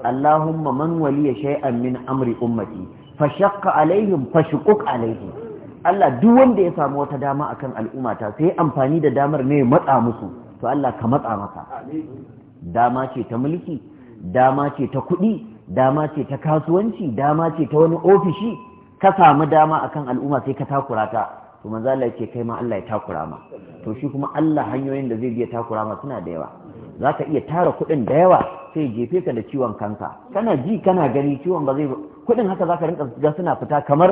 Speaker 1: Allahumma man waliya shay'an min amri ummati fa alaihim fa alaihim Allah duk wanda ya samu wata dama akan al'umma ta sai amfani da damar ne ya matsa musu to Allah ka matsa maka dama ce ta mulki dama ce ta kuɗi dama ce ta kasuwanci dama ce ta wani ofishi ka samu dama akan al'umma sai ka takura ta to manzo Allah yake kai ma Allah ya takura ma to shi kuma Allah hanyoyin da zai biya takura ma suna da yawa zaka iya tara kuɗin da yawa sai jefe ka da ciwon kanka kana ji kana gani ciwon ba zai kuɗin haka zaka rinka ga suna fita kamar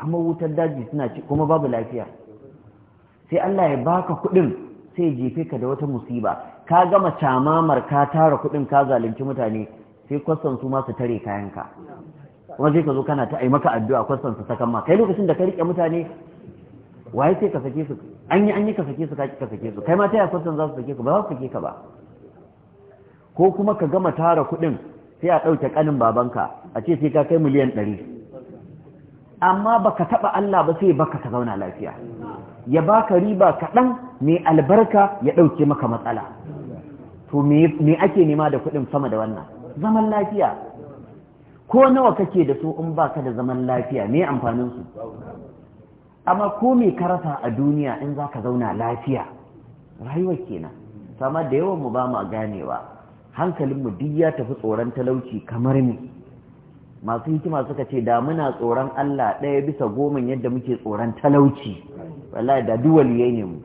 Speaker 1: kamar wutar daji suna ci kuma babu lafiya sai Allah ya baka kuɗin sai jefe ka da wata musiba ka gama camamar ka tara kuɗin ka zalunci mutane sai kwastan su ma su tare kayanka kuma sai ka zo kana ta aimaka addu'a kwastan su sakan kai lokacin da ka rike mutane waye sai ka sake su an yi an yi ka sake su ka sake su kai ma ta ya kwastan za su sake ku ba za su sake ka ba ko kuma ka gama tara kuɗin sai a ɗauke ƙanin babanka a ce sai ka kai miliyan ɗari amma baka taɓa Allah ba sai baka ka zauna lafiya ya baka riba kaɗan mai albarka ya ɗauke maka matsala to me ake nema da kuɗin sama da wannan zaman lafiya ko nawa kake da su in baka da zaman lafiya me amfanin su amma ko me ka rasa a duniya in zaka zauna lafiya rayuwar kenan sama da yawan mu ba mu ganewa hankalin mu duk ya tafi tsoron talauci kamar ni masu hikima suka ce da muna tsoron Allah ɗaya bisa goma yadda muke tsoron talauci wallahi da duwaliyai ne mu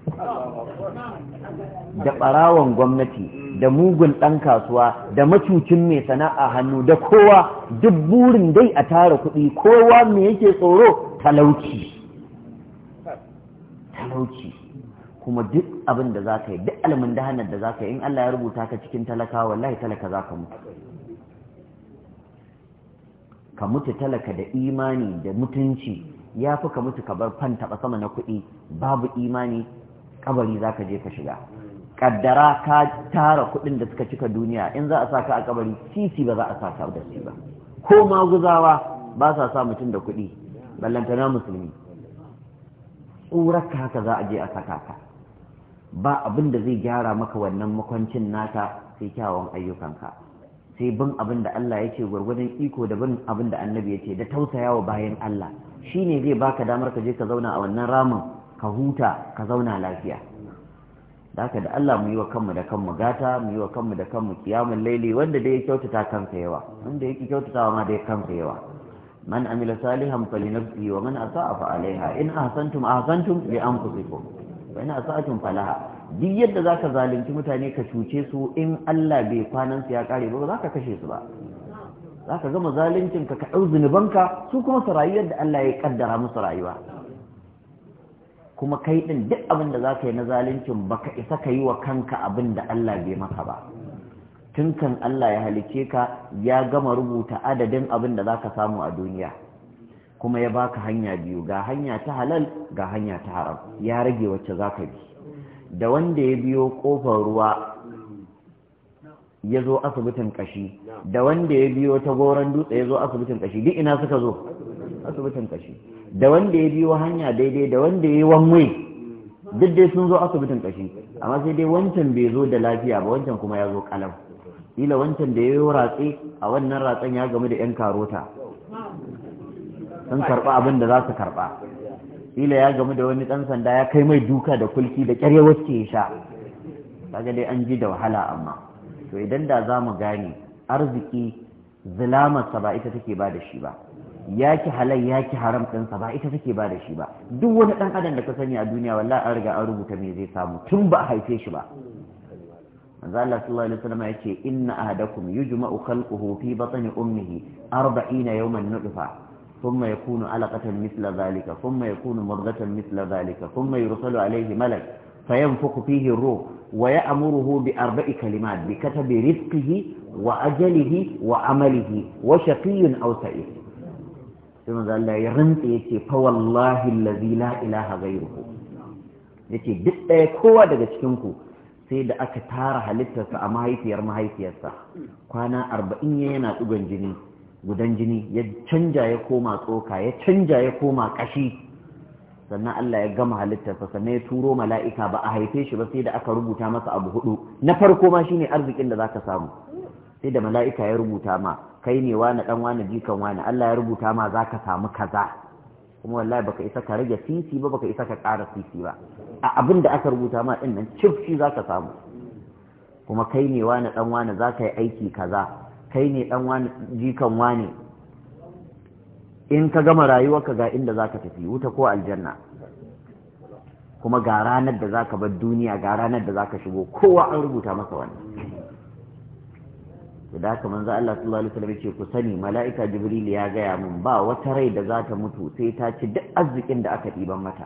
Speaker 1: da ɓarawon gwamnati da mugun ɗan kasuwa da macucin mai sana'a hannu da kowa duk burin dai a tara kuɗi kowa me yake tsoro talauci talauci kuma duk abin da za ka yi duk da da za ka yi in Allah ya rubuta ka cikin talaka wallahi talaka za ka mutu ka mutu talaka da imani da mutunci ya fi ka mutu ka bar fan taɓa sama na kuɗi babu imani kabari za ka je ka shiga kaddara ka tara kuɗin da suka cika duniya in za a sa ka a kabari titi ba za a sa ka da shi ba ko guzawa ba sa sa mutum da kuɗi ballantana musulmi tsoraka haka za a je a saka ka ba abin da zai gyara maka wannan makwancin naka sai kyawun ayyukanka sai bin abin da Allah ya ce gwargwadon iko da bin abin da annabi ya ce da tausaya wa bayan Allah Shi ne zai baka damar ka je ka zauna a wannan ramin ka huta ka zauna lafiya da haka da Allah mu yi wa kanmu da kanmu gata mu yi wa kanmu da kanmu kiyamun laili wanda dai ya kyautata kansa yawa wanda yake kyautatawa ma dai kansa yawa man amila salihan nafsi wa man asa'a fa alaiha in ahsantum ahsantum li anfusikum wa in asa'atum falaha duk yadda zaka zalunci mutane ka cuce su in Allah bai kwanan su ya kare ba zaka kashe su ba zaka gama zaluncin ka ka dau zunubanka su kuma su rayuwar da Allah ya kaddara musu rayuwa kuma kai ɗin duk abin da za ka yi na ba ka isa ka yi wa kanka abin da Allah bai maka ba tun kan Allah ya halice ka ya gama rubuta adadin abin da za ka samu a duniya kuma ya baka hanya biyu ga hanya ta halal ga hanya ta haram ya rage wacce za ka bi da wanda ya biyo ƙofar ruwa ya zo asibitin ƙashi da wanda ya biyo ta goron dutse ya zo asibitin ƙashi duk ina suka zo asibitin kashi da wanda ya biyo hanya daidai da wanda ya yi wanwe duk dai sun zo asibitin kashi amma sai dai wancan bai zo da lafiya ba wancan kuma ya zo kalam ila wancan da ya yi ratse a wannan ratsen ya gamu da yan karota sun karɓa abin da za su karɓa ila ya gamu da wani ɗan sanda ya kai mai duka da kulki da ƙyar wacce ya sha kaga dai an ji da wahala amma to idan da za mu gane arziki zilamarsa ba ita take ba da shi ba ya ki halal ya ki haram ɗinsa ba ita take ba da shi ba duk wani ɗan adam da ka sani a duniya wallahi an riga an rubuta me zai samu tun ba a haife shi ba manzo Allah sallallahu alaihi wasallam yace inna ahadakum yujma'u khalquhu fi batni ummihi 40 yawman nutfa ثم يكون علقة مثل ذلك ثم يكون مضغة مثل ذلك ثم يرسل عليه ملك فينفق فيه الروح ويأمره بأربع كلمات بكتب رزقه وأجله وعمله وشقي أو سعيد sai manzo Allah ya rantsa yace fa wallahi allazi la ilaha ghayruhu yace duk ɗaya kowa daga cikin ku sai da aka tara halittarsa a mahaifiyar mahaifiyarsa kwana arba'in ya yana ɗugon jini gudan jini ya canja ya koma tsoka ya canja ya koma ƙashi sannan Allah ya gama halittarsa sannan ya turo mala'ika ba a haife shi ba sai da aka rubuta masa abu hudu na farko ma shine arzikin da zaka samu sai da mala'ika ya rubuta ma kai ne wani dan wani jikan wani Allah ya rubuta ma zaka samu kaza kuma wallahi baka isa ka rage sisi ba baka isa ka kara sisi ba a abinda aka rubuta ma din nan cif shi zaka samu kuma kai ne wani dan wani za yi aiki kaza kai ne dan wani jikan wani in ka gama rayuwar ka ga inda zaka tafi wuta ko aljanna kuma ga ranar da zaka bar duniya ga ranar da zaka shigo kowa an rubuta masa wannan da haka manzo Allah sallallahu alaihi wasallam yace ku sani mala'ika jibril ya gaya mun ba wata rai da za ta mutu sai ta ci duk arzikin da aka diban mata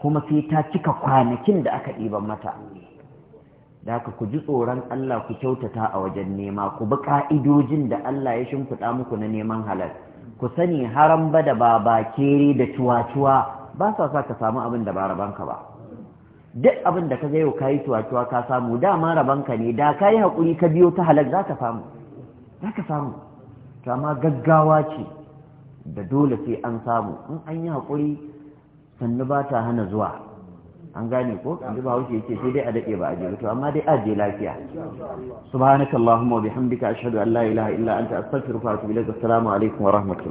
Speaker 1: kuma sai ta cika kwanakin da aka diban mata da haka ku ji tsoron Allah ku kyautata a wajen nema ku bi ka'idojin da Allah ya shimfiɗa muku na neman halal ku sani haram ba da baba kere da tuwa-tuwa ba sa sa ka samu abin da ba rabanka ba duk abin da ka ga yau kayi tuwa-tuwa ka samu dama rabanka ne da kayi haƙuri ka biyo ta halar za ka samu za ka samu kama gaggawa ce da dole sai an samu in an yi haƙuri sannu ba ta hana zuwa an gane ko kanzu ba wuce yake sai dai a daɗe ba a je to amma dai a je lafiya subhanakallahumma wa bihamdika ashhadu an la ilaha illa anta astaghfiruka wa atubu ilaik assalamu alaikum wa rahmatullah